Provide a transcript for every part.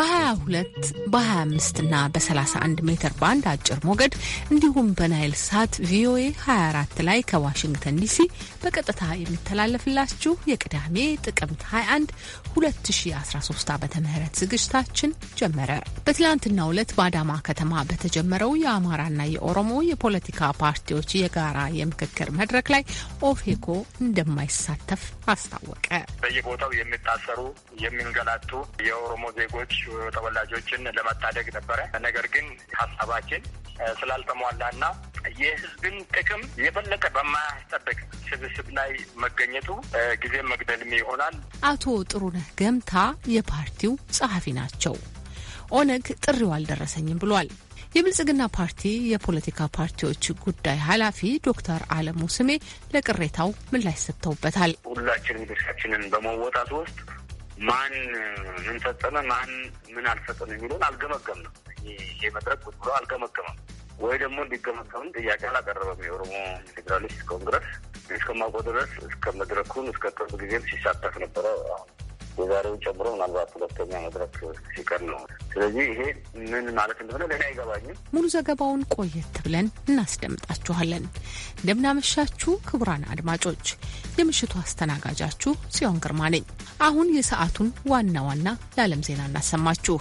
በ22 በ25 እና በ31 ሜትር ባንድ አጭር ሞገድ እንዲሁም በናይል ሳት ቪኦኤ 24 ላይ ከዋሽንግተን ዲሲ በቀጥታ የሚተላለፍላችሁ የቅዳሜ ጥቅምት 21 2013 ዓ ም ዝግጅታችን ጀመረ። በትላንትና ዕለት በአዳማ ከተማ በተጀመረው የአማራና የኦሮሞ የፖለቲካ ፓርቲዎች የጋራ የምክክር መድረክ ላይ ኦፌኮ እንደማይሳተፍ አስታወቀ። በየቦታው የሚታሰሩ የሚንገላቱ የኦሮሞ ዜጎች ተወላጆችን ለመታደግ ነበረ። ነገር ግን ሀሳባችን ስላልተሟላና የህዝብን ጥቅም የበለጠ በማያስጠብቅ ስብስብ ላይ መገኘቱ ጊዜ መግደልም ይሆናል። አቶ ጥሩነህ ገምታ የፓርቲው ጸሐፊ ናቸው። ኦነግ ጥሪው አልደረሰኝም ብሏል። የብልጽግና ፓርቲ የፖለቲካ ፓርቲዎች ጉዳይ ኃላፊ ዶክተር አለሙ ስሜ ለቅሬታው ምላሽ ሰጥተውበታል። ሁላችንም ድርሻችንን በመወጣት ውስጥ ማን ምን ፈጸመ፣ ማን ምን አልፈጸመ የሚለውን አልገመገም ነው። ይሄ መድረክ ቁጭ ብሎ አልገመገመም ወይ ደግሞ እንዲገመገም ጥያቄ አላቀረበም። የኦሮሞ ፌዴራሊስት ኮንግረስ እስከማውቀው ድረስ እስከ መድረኩን እስከ ቅርብ ጊዜም ሲሳተፍ ነበረ። የዛሬው ጨምሮ ምናልባት ሁለተኛ መድረክ ሲቀር ነው። ስለዚህ ይሄ ምን ማለት እንደሆነ ለእኔ አይገባኝም። ሙሉ ዘገባውን ቆየት ብለን እናስደምጣችኋለን። እንደምናመሻችሁ ክቡራን አድማጮች፣ የምሽቱ አስተናጋጃችሁ ጽዮን ግርማ ነኝ። አሁን የሰዓቱን ዋና ዋና የዓለም ዜና እናሰማችሁ።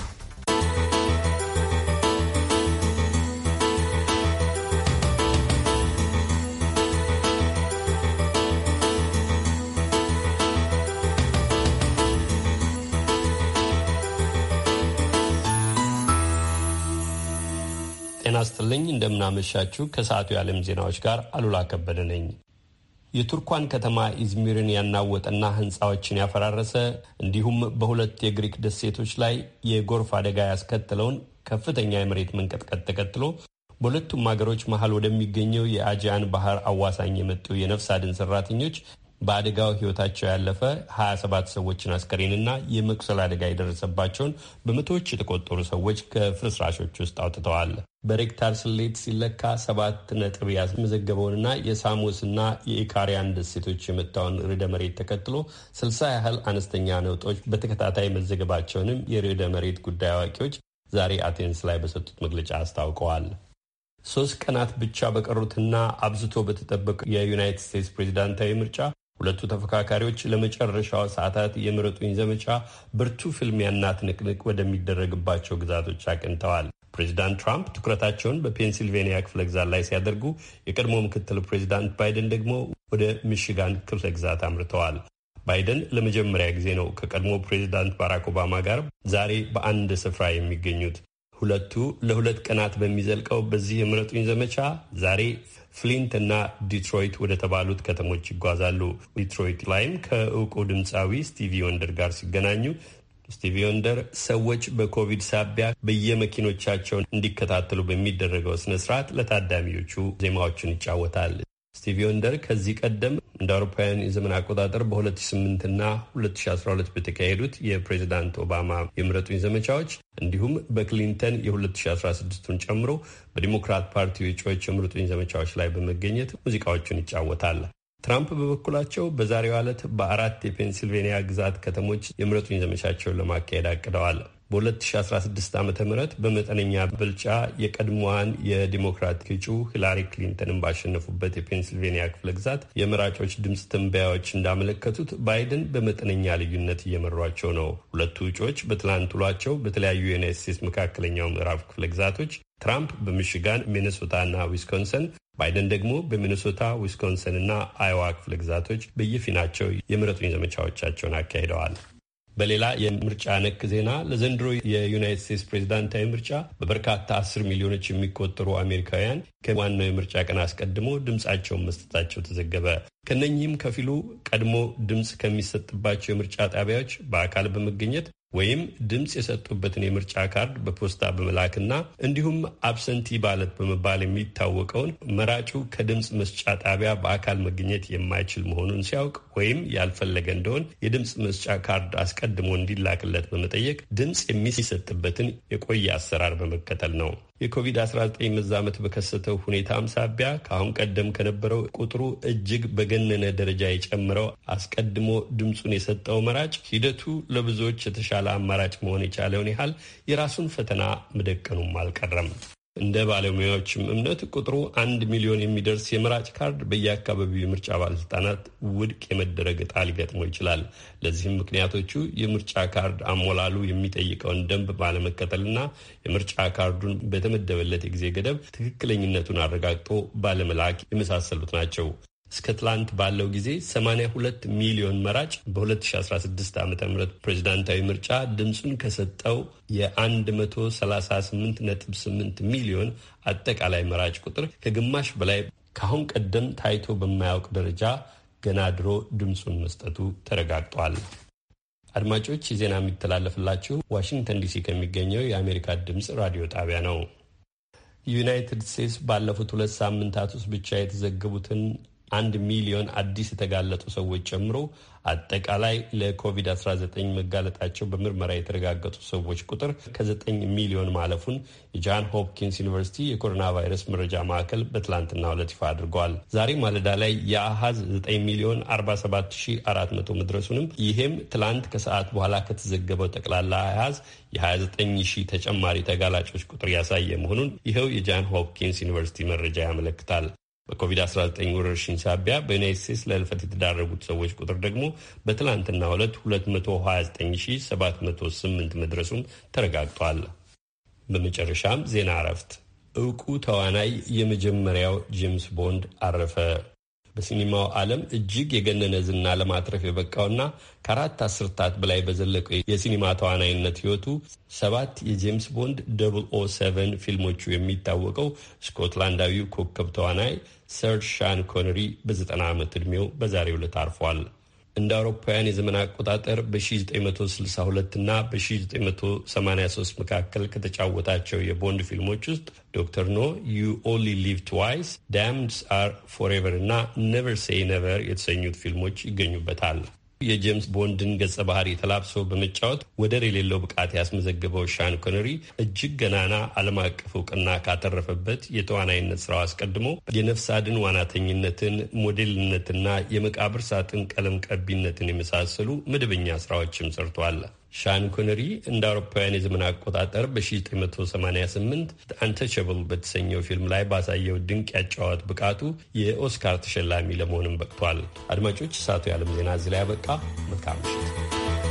ይስጥልኝ እንደምናመሻችሁ ከሰዓቱ የዓለም ዜናዎች ጋር አሉላ ከበደ ነኝ። የቱርኳን ከተማ ኢዝሚርን ያናወጠና ህንፃዎችን ያፈራረሰ እንዲሁም በሁለት የግሪክ ደሴቶች ላይ የጎርፍ አደጋ ያስከተለውን ከፍተኛ የመሬት መንቀጥቀጥ ተከትሎ በሁለቱም ሀገሮች መሀል ወደሚገኘው የአጂያን ባህር አዋሳኝ የመጡ የነፍስ አድን ሰራተኞች በአደጋው ህይወታቸው ያለፈ 27 ሰዎችን አስከሬንና የመቁሰል አደጋ የደረሰባቸውን በመቶዎች የተቆጠሩ ሰዎች ከፍርስራሾች ውስጥ አውጥተዋል። በሬክታር ስሌት ሲለካ ሰባት ነጥብ ያስመዘገበውንና የሳሞስና የኢካሪያን ደሴቶች የመታውን ርዕደ መሬት ተከትሎ ስልሳ ያህል አነስተኛ ነውጦች በተከታታይ መዘገባቸውንም የርዕደ መሬት ጉዳይ አዋቂዎች ዛሬ አቴንስ ላይ በሰጡት መግለጫ አስታውቀዋል። ሶስት ቀናት ብቻ በቀሩትና አብዝቶ በተጠበቀው የዩናይትድ ስቴትስ ፕሬዚዳንታዊ ምርጫ ሁለቱ ተፎካካሪዎች ለመጨረሻው ሰዓታት የምረጡኝ ዘመቻ ብርቱ ፍልሚያና ትንቅንቅ ወደሚደረግባቸው ግዛቶች አቅንተዋል። ፕሬዚዳንት ትራምፕ ትኩረታቸውን በፔንሲልቬንያ ክፍለ ግዛት ላይ ሲያደርጉ፣ የቀድሞ ምክትል ፕሬዚዳንት ባይደን ደግሞ ወደ ሚሽጋን ክፍለ ግዛት አምርተዋል። ባይደን ለመጀመሪያ ጊዜ ነው ከቀድሞ ፕሬዚዳንት ባራክ ኦባማ ጋር ዛሬ በአንድ ስፍራ የሚገኙት። ሁለቱ ለሁለት ቀናት በሚዘልቀው በዚህ የምረጡኝ ዘመቻ ዛሬ ፍሊንት እና ዲትሮይት ወደ ተባሉት ከተሞች ይጓዛሉ። ዲትሮይት ላይም ከእውቁ ድምፃዊ ስቲቪ ወንደር ጋር ሲገናኙ ስቲቪ ወንደር ሰዎች በኮቪድ ሳቢያ በየመኪኖቻቸውን እንዲከታተሉ በሚደረገው ስነስርዓት ለታዳሚዎቹ ዜማዎችን ይጫወታል። ስቲቪ ወንደር ከዚህ ቀደም እንደ አውሮፓውያን የዘመን አቆጣጠር በ2008 እና 2012 በተካሄዱት የፕሬዚዳንት ኦባማ የምረጡኝ ዘመቻዎች እንዲሁም በክሊንተን የ2016ቱን ጨምሮ በዲሞክራት ፓርቲ እጩዎች የምረጡኝ ዘመቻዎች ላይ በመገኘት ሙዚቃዎቹን ይጫወታል። ትራምፕ በበኩላቸው በዛሬው ዕለት በአራት የፔንሲልቬኒያ ግዛት ከተሞች የምረጡኝ ዘመቻቸውን ለማካሄድ አቅደዋል። በ2016 ዓ ም በመጠነኛ ብልጫ የቀድሞዋን የዲሞክራቲክ እጩ ሂላሪ ክሊንተንን ባሸነፉበት የፔንስልቬንያ ክፍለ ግዛት የመራጮች ድምፅ ትንበያዎች እንዳመለከቱት ባይደን በመጠነኛ ልዩነት እየመሯቸው ነው። ሁለቱ እጩዎች በትላንት ውሏቸው በተለያዩ የዩናይት ስቴትስ መካከለኛው ምዕራብ ክፍለ ግዛቶች ትራምፕ በሚሽጋን ሚኔሶታና ዊስኮንሰን ባይደን ደግሞ በሚኔሶታ ዊስኮንሰንና አይዋ ክፍለ ግዛቶች በየፊናቸው የምረጡኝ ዘመቻዎቻቸውን አካሂደዋል። በሌላ የምርጫ ነክ ዜና ለዘንድሮ የዩናይት ስቴትስ ፕሬዚዳንታዊ ምርጫ በበርካታ አስር ሚሊዮኖች የሚቆጠሩ አሜሪካውያን ከዋናው የምርጫ ቀን አስቀድሞ ድምፃቸውን መስጠታቸው ተዘገበ። ከነኚህም ከፊሉ ቀድሞ ድምፅ ከሚሰጥባቸው የምርጫ ጣቢያዎች በአካል በመገኘት ወይም ድምፅ የሰጡበትን የምርጫ ካርድ በፖስታ በመላክና እንዲሁም አብሰንቲ ባለት በመባል የሚታወቀውን መራጩ ከድምፅ መስጫ ጣቢያ በአካል መገኘት የማይችል መሆኑን ሲያውቅ ወይም ያልፈለገ እንደሆን የድምፅ መስጫ ካርድ አስቀድሞ እንዲላክለት በመጠየቅ ድምፅ የሚሰጥበትን የቆየ አሰራር በመከተል ነው። የኮቪድ-19 መዛመት በከሰተው ሁኔታም ሳቢያ ከአሁን ቀደም ከነበረው ቁጥሩ እጅግ በገነነ ደረጃ የጨምረው አስቀድሞ ድምፁን የሰጠው መራጭ ሂደቱ ለብዙዎች የተሻለ አማራጭ መሆን የቻለውን ያህል የራሱን ፈተና መደቀኑም አልቀረም። እንደ ባለሙያዎችም እምነት ቁጥሩ አንድ ሚሊዮን የሚደርስ የምራጭ ካርድ በየአካባቢው የምርጫ ባለስልጣናት ውድቅ የመደረግ ዕጣ ሊገጥመው ይችላል። ለዚህም ምክንያቶቹ የምርጫ ካርድ አሞላሉ የሚጠይቀውን ደንብ ባለመከተልና የምርጫ ካርዱን በተመደበለት የጊዜ ገደብ ትክክለኝነቱን አረጋግጦ ባለመላክ የመሳሰሉት ናቸው። እስከ ትላንት ባለው ጊዜ 82 ሚሊዮን መራጭ በ2016 ዓ ም ፕሬዚዳንታዊ ምርጫ ድምፁን ከሰጠው የ138.8 ሚሊዮን አጠቃላይ መራጭ ቁጥር ከግማሽ በላይ ከአሁን ቀደም ታይቶ በማያውቅ ደረጃ ገና ድሮ ድምፁን መስጠቱ ተረጋግጧል። አድማጮች ዜና የሚተላለፍላችሁ ዋሽንግተን ዲሲ ከሚገኘው የአሜሪካ ድምፅ ራዲዮ ጣቢያ ነው። ዩናይትድ ስቴትስ ባለፉት ሁለት ሳምንታት ውስጥ ብቻ የተዘገቡትን አንድ ሚሊዮን አዲስ የተጋለጡ ሰዎች ጨምሮ አጠቃላይ ለኮቪድ-19 መጋለጣቸው በምርመራ የተረጋገጡ ሰዎች ቁጥር ከ9 ሚሊዮን ማለፉን የጃን ሆፕኪንስ ዩኒቨርሲቲ የኮሮና ቫይረስ መረጃ ማዕከል በትላንትና ዕለት ይፋ አድርገዋል። ዛሬ ማለዳ ላይ የአሃዝ 9 ሚሊዮን 47400 መድረሱንም ይህም ትላንት ከሰዓት በኋላ ከተዘገበው ጠቅላላ አሃዝ የ29 ሺህ ተጨማሪ ተጋላጮች ቁጥር ያሳየ መሆኑን ይኸው የጃን ሆፕኪንስ ዩኒቨርሲቲ መረጃ ያመለክታል። በኮቪድ-19 ወረርሽኝ ሳቢያ በዩናይት ስቴትስ ለህልፈት የተዳረጉት ሰዎች ቁጥር ደግሞ በትላንትና ሁለት 229708 መድረሱም ተረጋግጧል። በመጨረሻም ዜና እረፍት። እውቁ ተዋናይ የመጀመሪያው ጄምስ ቦንድ አረፈ። በሲኒማው ዓለም እጅግ የገነነ ዝና ለማትረፍ የበቃውና ከአራት አስርታት በላይ በዘለቀው የሲኒማ ተዋናይነት ህይወቱ ሰባት የጄምስ ቦንድ ደብል ኦ ሰቨን ፊልሞቹ የሚታወቀው ስኮትላንዳዊው ኮከብ ተዋናይ ሰር ሻን ኮነሪ በ90 ዓመት ዕድሜው በዛሬው ዕለት አርፏል። እንደ አውሮፓውያን የዘመን አቆጣጠር በ1962 እና በ1983 መካከል ከተጫወታቸው የቦንድ ፊልሞች ውስጥ ዶክተር ኖ፣ ዩ ኦንሊ ሊቭ ትዋይስ፣ ዳምድስ አር ፎሬቨር እና ኔቨር ሴይ ኔቨር የተሰኙት ፊልሞች ይገኙበታል። የጄምስ ቦንድን ገጸ ባህሪ ተላብሶ በመጫወት ወደር የሌለው ብቃት ያስመዘገበው ሻን ኮነሪ እጅግ ገናና ዓለም አቀፍ እውቅና ካተረፈበት የተዋናይነት ስራው አስቀድሞ የነፍስ አድን ዋናተኝነትን፣ ሞዴልነትና የመቃብር ሳጥን ቀለም ቀቢነትን የመሳሰሉ መደበኛ ስራዎችም ሰርቷል። ሻን ኮነሪ እንደ አውሮፓውያን የዘመን አቆጣጠር በ1988 አንተቸብል በተሰኘው ፊልም ላይ ባሳየው ድንቅ ያጫዋት ብቃቱ የኦስካር ተሸላሚ ለመሆንም በቅቷል። አድማጮች፣ እሳቱ የዓለም ዜና እዚህ ላይ ያበቃ። መልካም ምሽት።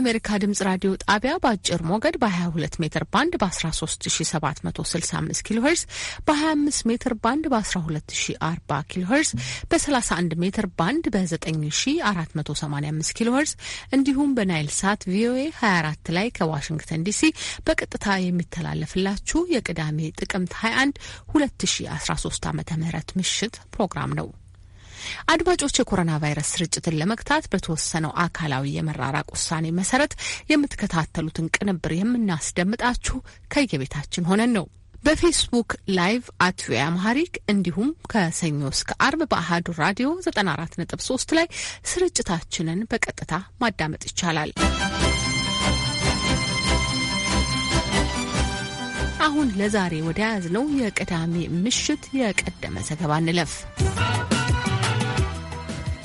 የአሜሪካ ድምጽ ራዲዮ ጣቢያ በአጭር ሞገድ በ22 ሜትር ባንድ በ13765 ኪሎ ሄርዝ በ25 ሜትር ባንድ በ1240 ኪሎ ሄርዝ በ31 ሜትር ባንድ በ9485 ኪሎ ሄርዝ እንዲሁም በናይል ሳት ቪኦኤ 24 ላይ ከዋሽንግተን ዲሲ በቀጥታ የሚተላለፍላችሁ የቅዳሜ ጥቅምት 21 2013 ዓ ም ምሽት ፕሮግራም ነው። አድማጮች የኮሮና ቫይረስ ስርጭትን ለመግታት በተወሰነው አካላዊ የመራራቅ ውሳኔ መሰረት የምትከታተሉትን ቅንብር የምናስደምጣችሁ ከየቤታችን ሆነን ነው። በፌስቡክ ላይቭ አት ቪኦኤ አማሪክ እንዲሁም ከሰኞ እስከ አርብ በአህዱ ራዲዮ 94.3 ላይ ስርጭታችንን በቀጥታ ማዳመጥ ይቻላል። አሁን ለዛሬ ወደ ያዝነው የቅዳሜ ምሽት የቀደመ ዘገባ እንለፍ።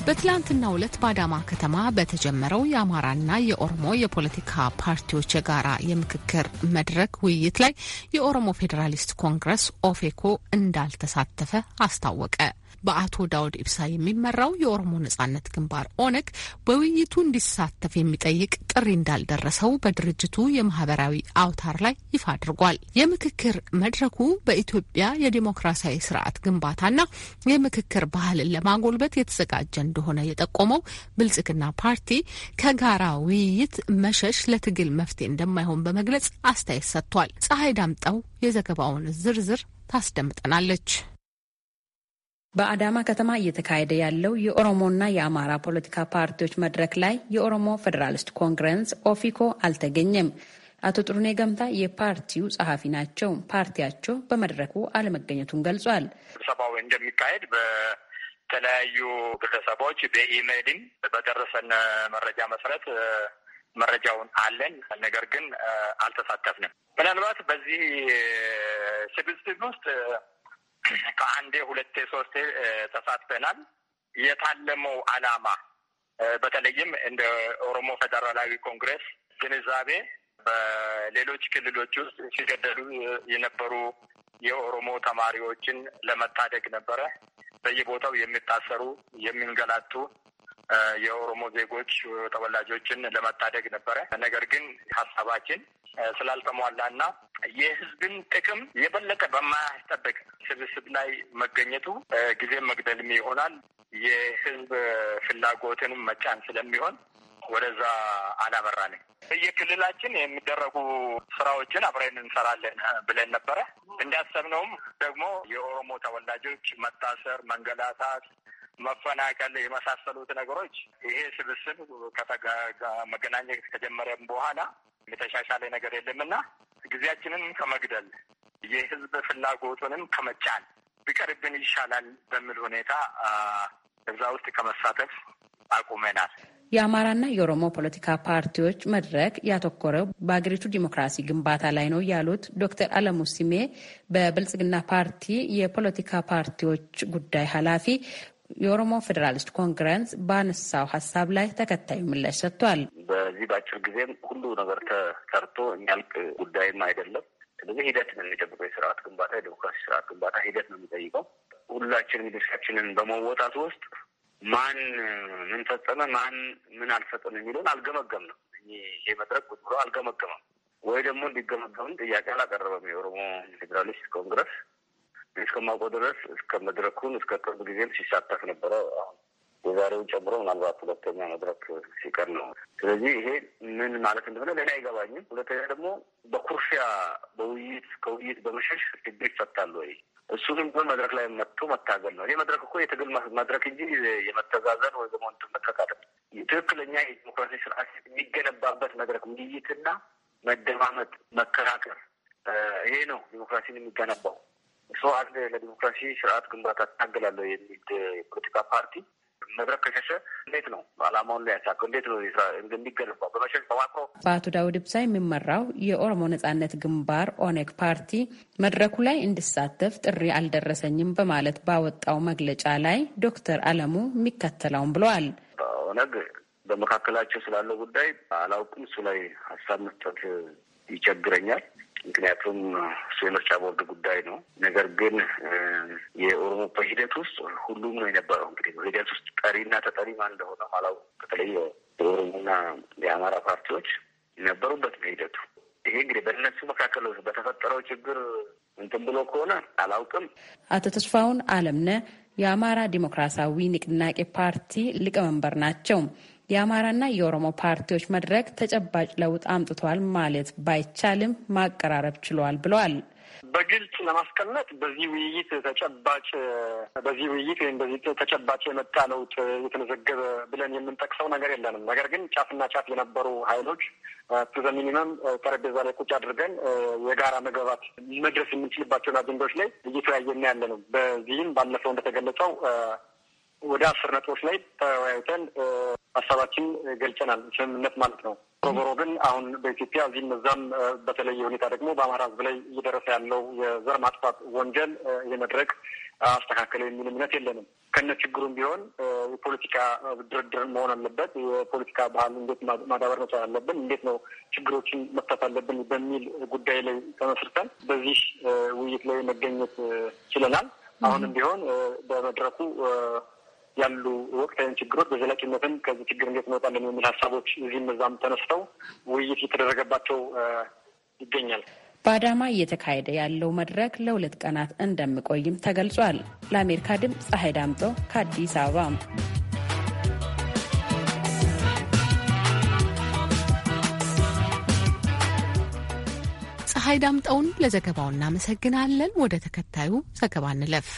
በትላንትናው ዕለት በአዳማ ከተማ በተጀመረው የአማራና የኦሮሞ የፖለቲካ ፓርቲዎች የጋራ የምክክር መድረክ ውይይት ላይ የኦሮሞ ፌዴራሊስት ኮንግረስ ኦፌኮ እንዳልተሳተፈ አስታወቀ። በአቶ ዳውድ ኢብሳ የሚመራው የኦሮሞ ነጻነት ግንባር ኦነግ በውይይቱ እንዲሳተፍ የሚጠይቅ ጥሪ እንዳልደረሰው በድርጅቱ የማህበራዊ አውታር ላይ ይፋ አድርጓል። የምክክር መድረኩ በኢትዮጵያ የዲሞክራሲያዊ ስርዓት ግንባታና የምክክር ባህልን ለማጎልበት የተዘጋጀ እንደሆነ የጠቆመው ብልጽግና ፓርቲ ከጋራ ውይይት መሸሽ ለትግል መፍትሄ እንደማይሆን በመግለጽ አስተያየት ሰጥቷል። ፀሐይ ዳምጠው የዘገባውን ዝርዝር ታስደምጠናለች። በአዳማ ከተማ እየተካሄደ ያለው የኦሮሞና የአማራ ፖለቲካ ፓርቲዎች መድረክ ላይ የኦሮሞ ፌዴራሊስት ኮንግረስ ኦፊኮ አልተገኘም። አቶ ጥሩኔ ገምታ የፓርቲው ጸሐፊ ናቸው። ፓርቲያቸው በመድረኩ አለመገኘቱን ገልጿል። ስብሰባው እንደሚካሄድ በተለያዩ ግለሰቦች በኢሜይልም በደረሰን መረጃ መሰረት መረጃውን አለን። ነገር ግን አልተሳተፍንም። ምናልባት በዚህ ስብስብ ውስጥ ከአንዴ ሁለቴ ሶስቴ ተሳትፈናል። የታለመው አላማ በተለይም እንደ ኦሮሞ ፌደራላዊ ኮንግረስ ግንዛቤ በሌሎች ክልሎች ውስጥ ሲገደሉ የነበሩ የኦሮሞ ተማሪዎችን ለመታደግ ነበረ። በየቦታው የሚታሰሩ የሚንገላቱ የኦሮሞ ዜጎች ተወላጆችን ለመታደግ ነበረ። ነገር ግን ሀሳባችን ስላልተሟላና የህዝብን ጥቅም የበለጠ በማያስጠብቅ ስብስብ ላይ መገኘቱ ጊዜ መግደልም ይሆናል የህዝብ ፍላጎትንም መጫን ስለሚሆን ወደዛ አላመራንም። በየክልላችን የሚደረጉ ስራዎችን አብረን እንሰራለን ብለን ነበረ። እንዳሰብነውም ደግሞ የኦሮሞ ተወላጆች መታሰር፣ መንገላታት መፈናቀል የመሳሰሉት ነገሮች ይሄ ስብስብ መገናኘት ከጀመረም በኋላ የተሻሻለ ነገር የለምና ጊዜያችንን ከመግደል የህዝብ ፍላጎቱንም ከመጫን ቢቀርብን ይሻላል በሚል ሁኔታ እዛ ውስጥ ከመሳተፍ አቁመናል። የአማራና የኦሮሞ ፖለቲካ ፓርቲዎች መድረክ ያተኮረው በሀገሪቱ ዲሞክራሲ ግንባታ ላይ ነው ያሉት ዶክተር አለሙ ሲሜ በብልጽግና ፓርቲ የፖለቲካ ፓርቲዎች ጉዳይ ኃላፊ የኦሮሞ ፌዴራሊስት ኮንግረስ በአነሳው ሀሳብ ላይ ተከታዩ ምላሽ ሰጥቷል። በዚህ በአጭር ጊዜም ሁሉ ነገር ተሰርቶ የሚያልቅ ጉዳይም አይደለም። ስለዚህ ሂደት ነው የሚጠብቀው። የስርዓት ግንባታ የዲሞክራሲ ስርዓት ግንባታ ሂደት ነው የሚጠይቀው። ሁላችንም ድርሻችንን በመወጣት ውስጥ ማን ምን ፈጸመ፣ ማን ምን አልፈጸመ የሚለውን አልገመገም ነው ይሄ መድረክ ብሎ አልገመገመም ወይ ደግሞ እንዲገመገምን ጥያቄ አላቀረበም። የኦሮሞ ፌዴራሊስት ኮንግረስ እስከማውቀው ድረስ እስከ መድረኩን እስከ ቅርብ ጊዜም ሲሳተፍ ነበረ። የዛሬውን ጨምሮ ምናልባት ሁለተኛ መድረክ ሲቀር ነው። ስለዚህ ይሄ ምን ማለት እንደሆነ ለእኔ አይገባኝም። ሁለተኛ ደግሞ በኩርፊያ በውይይት ከውይይት በመሸሽ ችግር ይፈታል ወይ? እሱንም ቢሆን መድረክ ላይ መጥቶ መታገል ነው። ይህ መድረክ እኮ የትግል መድረክ እንጂ የመተዛዘን ወይ ደግሞ እንትን መድረክ ትክክለኛ የዲሞክራሲ ስርዓት የሚገነባበት መድረክ ውይይትና መደማመጥ፣ መከራከር ይሄ ነው ዲሞክራሲን የሚገነባው። ሰው አንድ ለዲሞክራሲ ስርዓት ግንባታ ታገላለሁ የሚል የፖለቲካ ፓርቲ መድረክ ከሸሸ እንዴት ነው አላማውን ሊያሳካው? እንዴት ነው እንደሚገለባ በመሸሽ በማክሮ በአቶ ዳውድ ብሳ የሚመራው የኦሮሞ ነጻነት ግንባር ኦኔግ ፓርቲ መድረኩ ላይ እንድሳተፍ ጥሪ አልደረሰኝም በማለት ባወጣው መግለጫ ላይ ዶክተር አለሙ የሚከተለውን ብለዋል። ኦነግ በመካከላቸው ስላለው ጉዳይ አላውቅም። እሱ ላይ ሀሳብ መስጠት ይቸግረኛል። ምክንያቱም እሱ የምርጫ ቦርድ ጉዳይ ነው። ነገር ግን የኦሮሞ በሂደት ውስጥ ሁሉም ነው የነበረው። እንግዲህ በሂደት ውስጥ ጠሪና ተጠሪ ማን እንደሆነ ኋላው በተለይ የኦሮሞና የአማራ ፓርቲዎች የነበሩበት ነው ሂደቱ። ይሄ እንግዲህ በእነሱ መካከል በተፈጠረው ችግር እንትን ብሎ ከሆነ አላውቅም። አቶ ተስፋውን አለምነ የአማራ ዲሞክራሲያዊ ንቅናቄ ፓርቲ ሊቀመንበር ናቸው። የአማራና የኦሮሞ ፓርቲዎች መድረክ ተጨባጭ ለውጥ አምጥቷል ማለት ባይቻልም ማቀራረብ ችሏል ብለዋል። በግልጽ ለማስቀመጥ በዚህ ውይይት ተጨባጭ በዚህ ውይይት ወይም በዚህ ተጨባጭ የመጣ ለውጥ የተመዘገበ ብለን የምንጠቅሰው ነገር የለንም። ነገር ግን ጫፍና ጫፍ የነበሩ ኃይሎች ቱዘ ሚኒመም ጠረጴዛ ላይ ቁጭ አድርገን የጋራ መግባባት መድረስ የምንችልባቸውን አጀንዳዎች ላይ እየተወያየን ያለ ነው። በዚህም ባለፈው እንደተገለጸው ወደ አስር ነጥቦች ላይ ተወያይተን ሀሳባችን ገልጸናል። ስምምነት ማለት ነው። ሮበሮ ግን አሁን በኢትዮጵያ እዚህም እዛም በተለየ ሁኔታ ደግሞ በአማራ ሕዝብ ላይ እየደረሰ ያለው የዘር ማጥፋት ወንጀል ይህ መድረክ አስተካከለ የሚል እምነት የለንም። ከነ ችግሩም ቢሆን የፖለቲካ ድርድር መሆን አለበት። የፖለቲካ ባህል እንዴት ማዳበር መቻል አለብን፣ እንዴት ነው ችግሮችን መፍታት አለብን በሚል ጉዳይ ላይ ተመስርተን በዚህ ውይይት ላይ መገኘት ችለናል። አሁንም ቢሆን በመድረኩ ያሉ ወቅታዊን ችግሮች በዘላቂነትም ከዚህ ችግር እንዴት እንወጣለን የሚል ሀሳቦች እዚህም እዛም ተነስተው ውይይት እየተደረገባቸው ይገኛል። በአዳማ እየተካሄደ ያለው መድረክ ለሁለት ቀናት እንደሚቆይም ተገልጿል። ለአሜሪካ ድምፅ ፀሐይ ዳምጠው ከአዲስ አበባ። ፀሐይ ዳምጠውን ለዘገባው እናመሰግናለን። ወደ ተከታዩ ዘገባ እንለፍ።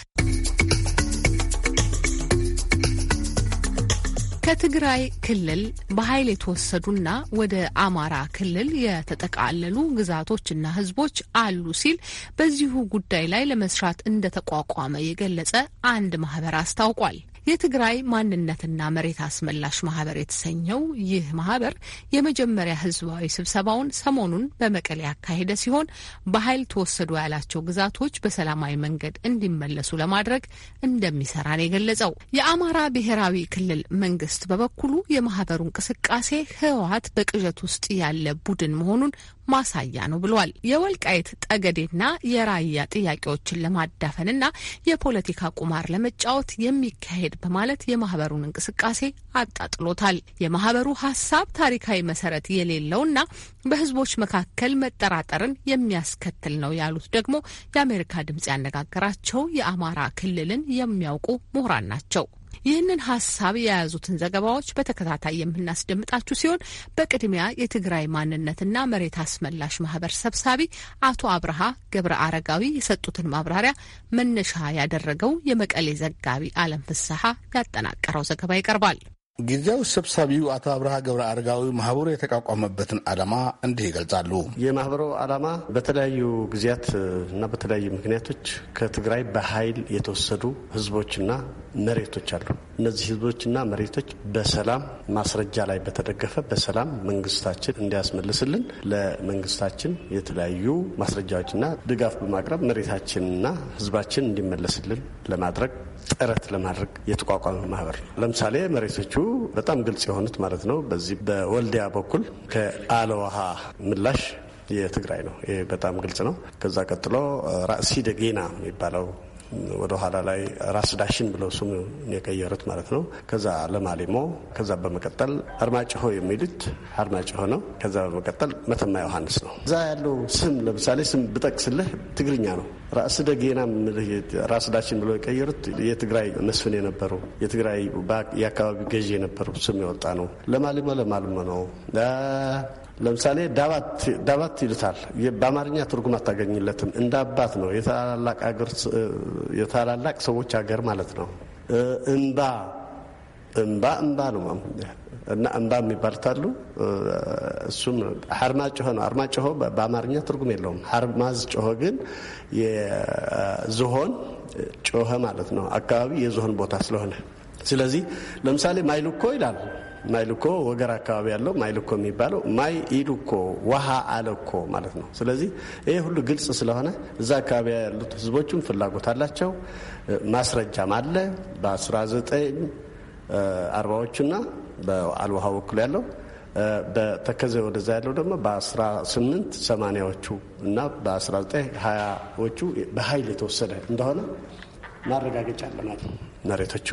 ከትግራይ ክልል በኃይል የተወሰዱና ወደ አማራ ክልል የተጠቃለሉ ግዛቶችና ሕዝቦች አሉ ሲል በዚሁ ጉዳይ ላይ ለመስራት እንደተቋቋመ የገለጸ አንድ ማህበር አስታውቋል። የትግራይ ማንነትና መሬት አስመላሽ ማህበር የተሰኘው ይህ ማህበር የመጀመሪያ ህዝባዊ ስብሰባውን ሰሞኑን በመቀሌ ያካሄደ ሲሆን በኃይል ተወሰዱ ያላቸው ግዛቶች በሰላማዊ መንገድ እንዲመለሱ ለማድረግ እንደሚሰራ ነው የገለጸው። የአማራ ብሔራዊ ክልል መንግስት በበኩሉ የማህበሩ እንቅስቃሴ ህወሀት በቅዠት ውስጥ ያለ ቡድን መሆኑን ማሳያ ነው ብሏል። የወልቃይት ጠገዴና የራያ ጥያቄዎችን ለማዳፈንና የፖለቲካ ቁማር ለመጫወት የሚካሄድ በማለት የማህበሩን እንቅስቃሴ አጣጥሎታል። የማህበሩ ሀሳብ ታሪካዊ መሰረት የሌለውና በህዝቦች መካከል መጠራጠርን የሚያስከትል ነው ያሉት ደግሞ የአሜሪካ ድምጽ ያነጋገራቸው የአማራ ክልልን የሚያውቁ ምሁራን ናቸው። ይህንን ሀሳብ የያዙትን ዘገባዎች በተከታታይ የምናስደምጣችሁ ሲሆን በቅድሚያ የትግራይ ማንነትና መሬት አስመላሽ ማህበር ሰብሳቢ አቶ አብርሃ ገብረ አረጋዊ የሰጡትን ማብራሪያ መነሻ ያደረገው የመቀሌ ዘጋቢ አለም ፍስሀ ያጠናቀረው ዘገባ ይቀርባል። ጊዜያዊ ሰብሳቢው አቶ አብርሃ ገብረ አረጋዊ ማህበሩ የተቋቋመበትን ዓላማ እንዲህ ይገልጻሉ። የማህበሩ ዓላማ በተለያዩ ጊዜያት እና በተለያዩ ምክንያቶች ከትግራይ በኃይል የተወሰዱ ህዝቦችና መሬቶች አሉ። እነዚህ ህዝቦችና መሬቶች በሰላም ማስረጃ ላይ በተደገፈ በሰላም መንግስታችን እንዲያስመልስልን ለመንግስታችን የተለያዩ ማስረጃዎችና ድጋፍ በማቅረብ መሬታችንና ህዝባችን እንዲመለስልን ለማድረግ ጥረት ለማድረግ የተቋቋመ ማህበር ነው። ለምሳሌ መሬቶቹ በጣም ግልጽ የሆኑት ማለት ነው። በዚህ በወልዲያ በኩል ከአለዋሃ ምላሽ የትግራይ ነው። ይ በጣም ግልጽ ነው። ከዛ ቀጥሎ ራእሲ ደጌና የሚባለው ወደ ኋላ ላይ ራስ ዳሽን ብለው ስሙ የቀየሩት ማለት ነው። ከዛ ለማሊሞ፣ ከዛ በመቀጠል አርማጭሆ የሚሉት አርማጭሆ ነው። ከዛ በመቀጠል መተማ ዮሐንስ ነው። እዛ ያለው ስም ለምሳሌ ስም ብጠቅስልህ ትግርኛ ነው። ራስ ደጌና ራስ ዳችን ብለው የቀየሩት የትግራይ መስፍን የነበረው የትግራይ የአካባቢ ገዢ የነበረው ስም የወጣ ነው። ለማልመ ለማልመ ነው። ለምሳሌ ዳባት ይሉታል። በአማርኛ ትርጉም አታገኝለትም። እንደ አባት ነው። የታላላቅ ሰዎች ሀገር ማለት ነው። እንባ እምባ እምባ ነው እና እምባ የሚባሉት አሉ። እሱም ሀርማ ጮኸ ነው። አርማ ጮኸ በአማርኛ ትርጉም የለውም። ሀርማዝ ጮሆ ግን የዝሆን ጮኸ ማለት ነው። አካባቢ የዝሆን ቦታ ስለሆነ ስለዚህ ለምሳሌ ማይልኮ ይላል። ማይልኮ ወገር አካባቢ ያለው ማይልኮ የሚባለው ማይ ኢልኮ ውሃ አለኮ ማለት ነው። ስለዚህ ይሄ ሁሉ ግልጽ ስለሆነ እዛ አካባቢ ያሉት ህዝቦችም ፍላጎት አላቸው። ማስረጃም አለ በ19 አርባዎቹና በአልውሃ ወክሎ ያለው በተከዘ ወደዛ ያለው ደግሞ በ18 ሰማንያዎቹ እና በ19 ሀያዎቹ በኃይል የተወሰደ እንደሆነ ማረጋገጫ አለ ማለት ነው። መሬቶቹ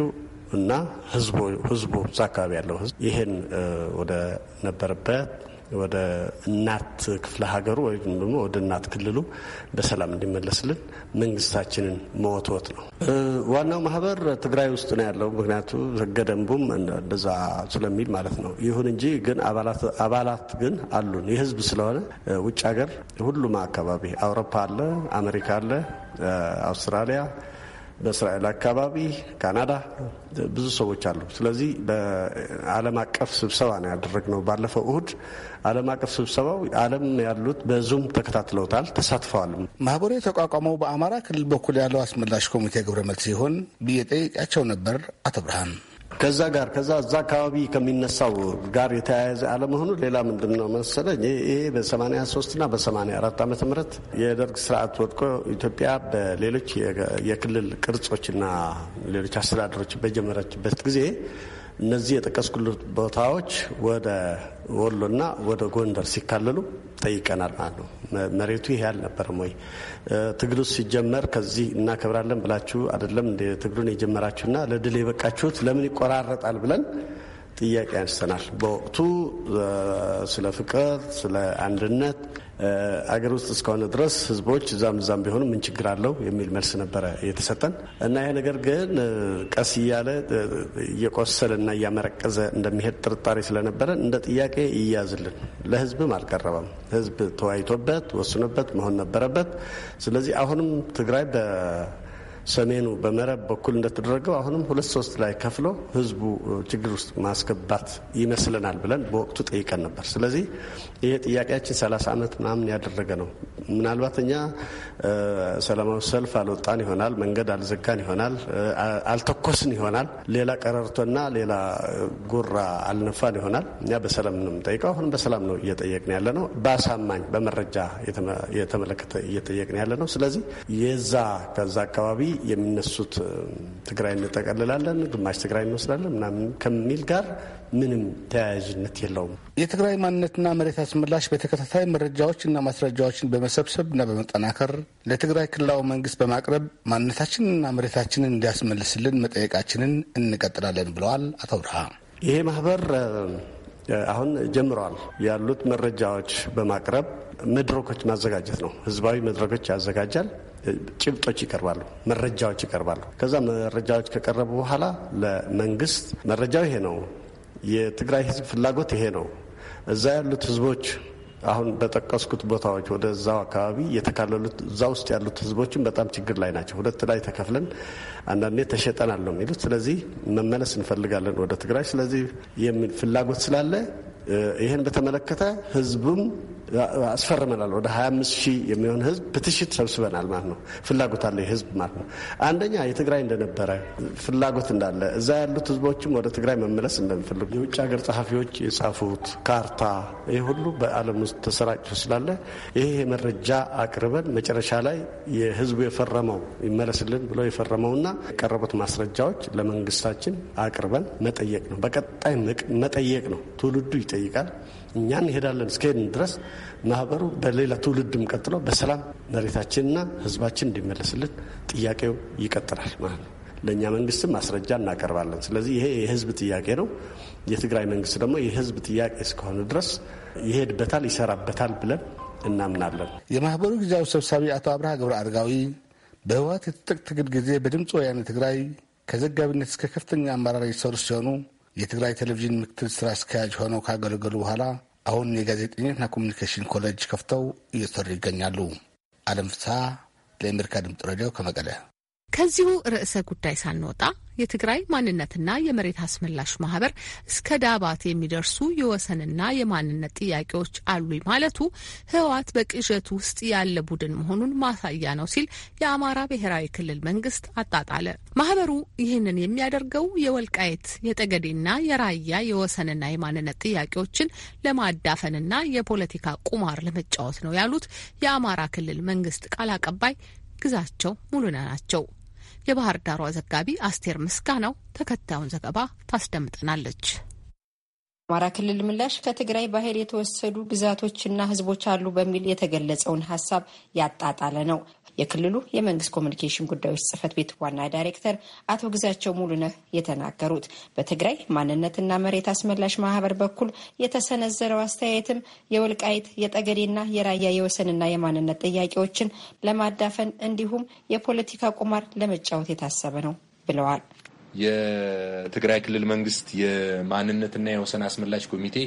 እና ህዝቡ ህዝቡ እዛ አካባቢ ያለው ህዝብ ይህን ወደ ነበረበት ወደ እናት ክፍለ ሀገሩ ወይም ደግሞ ወደ እናት ክልሉ በሰላም እንዲመለስልን መንግስታችንን መወትወት ነው። ዋናው ማህበር ትግራይ ውስጥ ነው ያለው፣ ምክንያቱ ህገ ደንቡም እንደዛ ስለሚል ማለት ነው። ይሁን እንጂ ግን አባላት ግን አሉን። የህዝብ ስለሆነ ውጭ ሀገር ሁሉም አካባቢ አውሮፓ አለ፣ አሜሪካ አለ፣ አውስትራሊያ በእስራኤል አካባቢ፣ ካናዳ ብዙ ሰዎች አሉ። ስለዚህ በዓለም አቀፍ ስብሰባ ነው ያደረግነው ባለፈው እሁድ። ዓለም አቀፍ ስብሰባው ዓለም ያሉት በዙም ተከታትለውታል፣ ተሳትፈዋል። ማህበሩ የተቋቋመው በአማራ ክልል በኩል ያለው አስመላሽ ኮሚቴ ግብረ መልስ ሲሆን ብዬ ነበር አቶ ብርሃን ከዛ ጋር ከዛ እዛ አካባቢ ከሚነሳው ጋር የተያያዘ አለመሆኑ ሌላ ምንድን ነው መሰለኝ ይሄ በ83 እና በ84 ዓመተ ምህረት የደርግ ስርዓት ወድቆ ኢትዮጵያ በሌሎች የክልል ቅርጾችና ሌሎች አስተዳደሮች በጀመረችበት ጊዜ እነዚህ የጠቀስኩት ቦታዎች ወደ ወሎና ወደ ጎንደር ሲካለሉ ጠይቀናል ማለት ነው። መሬቱ ይሄ አልነበረም ወይ? ትግሉ ሲጀመር ከዚህ እናከብራለን ብላችሁ አይደለም እንደ ትግሉን የጀመራችሁና ለድል የበቃችሁት ለምን ይቆራረጣል ብለን ጥያቄ አንስተናል። በወቅቱ ስለ ፍቅር፣ ስለ አንድነት አገር ውስጥ እስከሆነ ድረስ ህዝቦች እዛም እዛም ቢሆኑ ምን ችግር አለው የሚል መልስ ነበረ የተሰጠን እና ይህ ነገር ግን ቀስ እያለ እየቆሰለና እያመረቀዘ እንደሚሄድ ጥርጣሬ ስለነበረ እንደ ጥያቄ ይያዝልን ለህዝብም አልቀረበም። ህዝብ ተወያይቶበት ወስኖበት መሆን ነበረበት። ስለዚህ አሁንም ትግራይ ሰሜኑ በመረብ በኩል እንደተደረገው አሁንም ሁለት ሶስት ላይ ከፍሎ ህዝቡ ችግር ውስጥ ማስገባት ይመስለናል ብለን በወቅቱ ጠይቀን ነበር። ስለዚህ ይሄ ጥያቄያችን ሰላሳ ዓመት ምናምን ያደረገ ነው። ምናልባት እኛ ሰላማዊ ሰልፍ አልወጣን ይሆናል፣ መንገድ አልዘጋን ይሆናል፣ አልተኮስን ይሆናል፣ ሌላ ቀረርቶና ሌላ ጉራ አልነፋን ይሆናል። እኛ በሰላም ነው የምንጠይቀው። አሁን በሰላም ነው እየጠየቅን ያለ ነው፣ በአሳማኝ በመረጃ የተመለከተ እየጠየቅን ያለ ነው። ስለዚህ የዛ ከዛ አካባቢ የሚነሱት ትግራይ እንጠቀልላለን፣ ግማሽ ትግራይ እንወስዳለን ምናምን ከሚል ጋር ምንም ተያያዥነት የለውም። የትግራይ ማንነትና መሬት አስመላሽ በተከታታይ መረጃዎችና ማስረጃዎችን በመሰብሰብ እና በመጠናከር ለትግራይ ክልላዊ መንግስት በማቅረብ ማንነታችንና መሬታችንን እንዲያስመልስልን መጠየቃችንን እንቀጥላለን ብለዋል አቶ ብርሃ። ይሄ ማህበር አሁን ጀምረዋል ያሉት መረጃዎች በማቅረብ መድረኮች ማዘጋጀት ነው። ህዝባዊ መድረኮች ያዘጋጃል። ጭብጦች ይቀርባሉ፣ መረጃዎች ይቀርባሉ። ከዛ መረጃዎች ከቀረቡ በኋላ ለመንግስት መረጃው ይሄ ነው የትግራይ ህዝብ ፍላጎት ይሄ ነው። እዛ ያሉት ህዝቦች አሁን በጠቀስኩት ቦታዎች ወደዛው አካባቢ የተካለሉት እዛ ውስጥ ያሉት ህዝቦችን በጣም ችግር ላይ ናቸው። ሁለት ላይ ተከፍለን አንዳንዴ ተሸጠናል ነው የሚሉት። ስለዚህ መመለስ እንፈልጋለን ወደ ትግራይ። ስለዚህ ፍላጎት ስላለ ይህን በተመለከተ ህዝቡም አስፈርመናል። ወደ 25 ሺህ የሚሆን ህዝብ ፕትሽት ሰብስበናል ማለት ነው። ፍላጎት አለ ህዝብ ማለት ነው። አንደኛ የትግራይ እንደነበረ ፍላጎት እንዳለ እዛ ያሉት ህዝቦችም ወደ ትግራይ መመለስ እንደሚፈልጉ የውጭ ሀገር ጸሐፊዎች የጻፉት ካርታ፣ ይህ ሁሉ በዓለም ውስጥ ተሰራጭቶ ስላለ ይህ የመረጃ አቅርበን መጨረሻ ላይ የህዝቡ የፈረመው ይመለስልን ብሎ የፈረመውና የቀረቡት ማስረጃዎች ለመንግስታችን አቅርበን መጠየቅ ነው። በቀጣይ መጠየቅ ነው። ትውልዱ ይጠይቃል። እኛ እንሄዳለን። እስከሄድን ድረስ ማህበሩ በሌላ ትውልድም ቀጥሎ በሰላም መሬታችንና ህዝባችን እንዲመለስልን ጥያቄው ይቀጥላል ማለት ነው። ለእኛ መንግስትም ማስረጃ እናቀርባለን። ስለዚህ ይሄ የህዝብ ጥያቄ ነው። የትግራይ መንግስት ደግሞ የህዝብ ጥያቄ እስከሆነ ድረስ ይሄድበታል፣ ይሰራበታል ብለን እናምናለን። የማህበሩ ጊዜያዊ ሰብሳቢ አቶ አብርሃ ገብረ አድጋዊ በህወሀት የትጥቅ ትግል ጊዜ በድምፅ ወያኔ ትግራይ ከዘጋቢነት እስከ ከፍተኛ አመራር የሰሩ ሲሆኑ የትግራይ ቴሌቪዥን ምክትል ስራ አስኪያጅ ሆነው ካገለገሉ በኋላ አሁን የጋዜጠኝነትና ኮሚኒኬሽን ኮሌጅ ከፍተው እየሰሩ ይገኛሉ። አለም ፍስሐ ለአሜሪካ ድምፅ ሬዲዮ ከመቀለ ከዚሁ ርዕሰ ጉዳይ ሳንወጣ የትግራይ ማንነትና የመሬት አስመላሽ ማህበር እስከ ዳባት የሚደርሱ የወሰንና የማንነት ጥያቄዎች አሉኝ ማለቱ ህወሓት በቅዠት ውስጥ ያለ ቡድን መሆኑን ማሳያ ነው ሲል የአማራ ብሔራዊ ክልል መንግስት አጣጣለ። ማህበሩ ይህንን የሚያደርገው የወልቃየት የጠገዴና የራያ የወሰንና የማንነት ጥያቄዎችን ለማዳፈንና የፖለቲካ ቁማር ለመጫወት ነው ያሉት የአማራ ክልል መንግስት ቃል አቀባይ ግዛቸው ሙሉነህ ናቸው። የባህር ዳሯ ዘጋቢ አስቴር ምስጋናው ተከታዩን ዘገባ ታስደምጠናለች። አማራ ክልል ምላሽ ከትግራይ ባህር የተወሰዱ ግዛቶችና ህዝቦች አሉ በሚል የተገለጸውን ሀሳብ ያጣጣለ ነው። የክልሉ የመንግስት ኮሚኒኬሽን ጉዳዮች ጽህፈት ቤት ዋና ዳይሬክተር አቶ ግዛቸው ሙሉነህ የተናገሩት በትግራይ ማንነትና መሬት አስመላሽ ማህበር በኩል የተሰነዘረው አስተያየትም የወልቃይት የጠገዴና የራያ የወሰንና የማንነት ጥያቄዎችን ለማዳፈን እንዲሁም የፖለቲካ ቁማር ለመጫወት የታሰበ ነው ብለዋል። የትግራይ ክልል መንግስት የማንነትና የወሰን አስመላሽ ኮሚቴ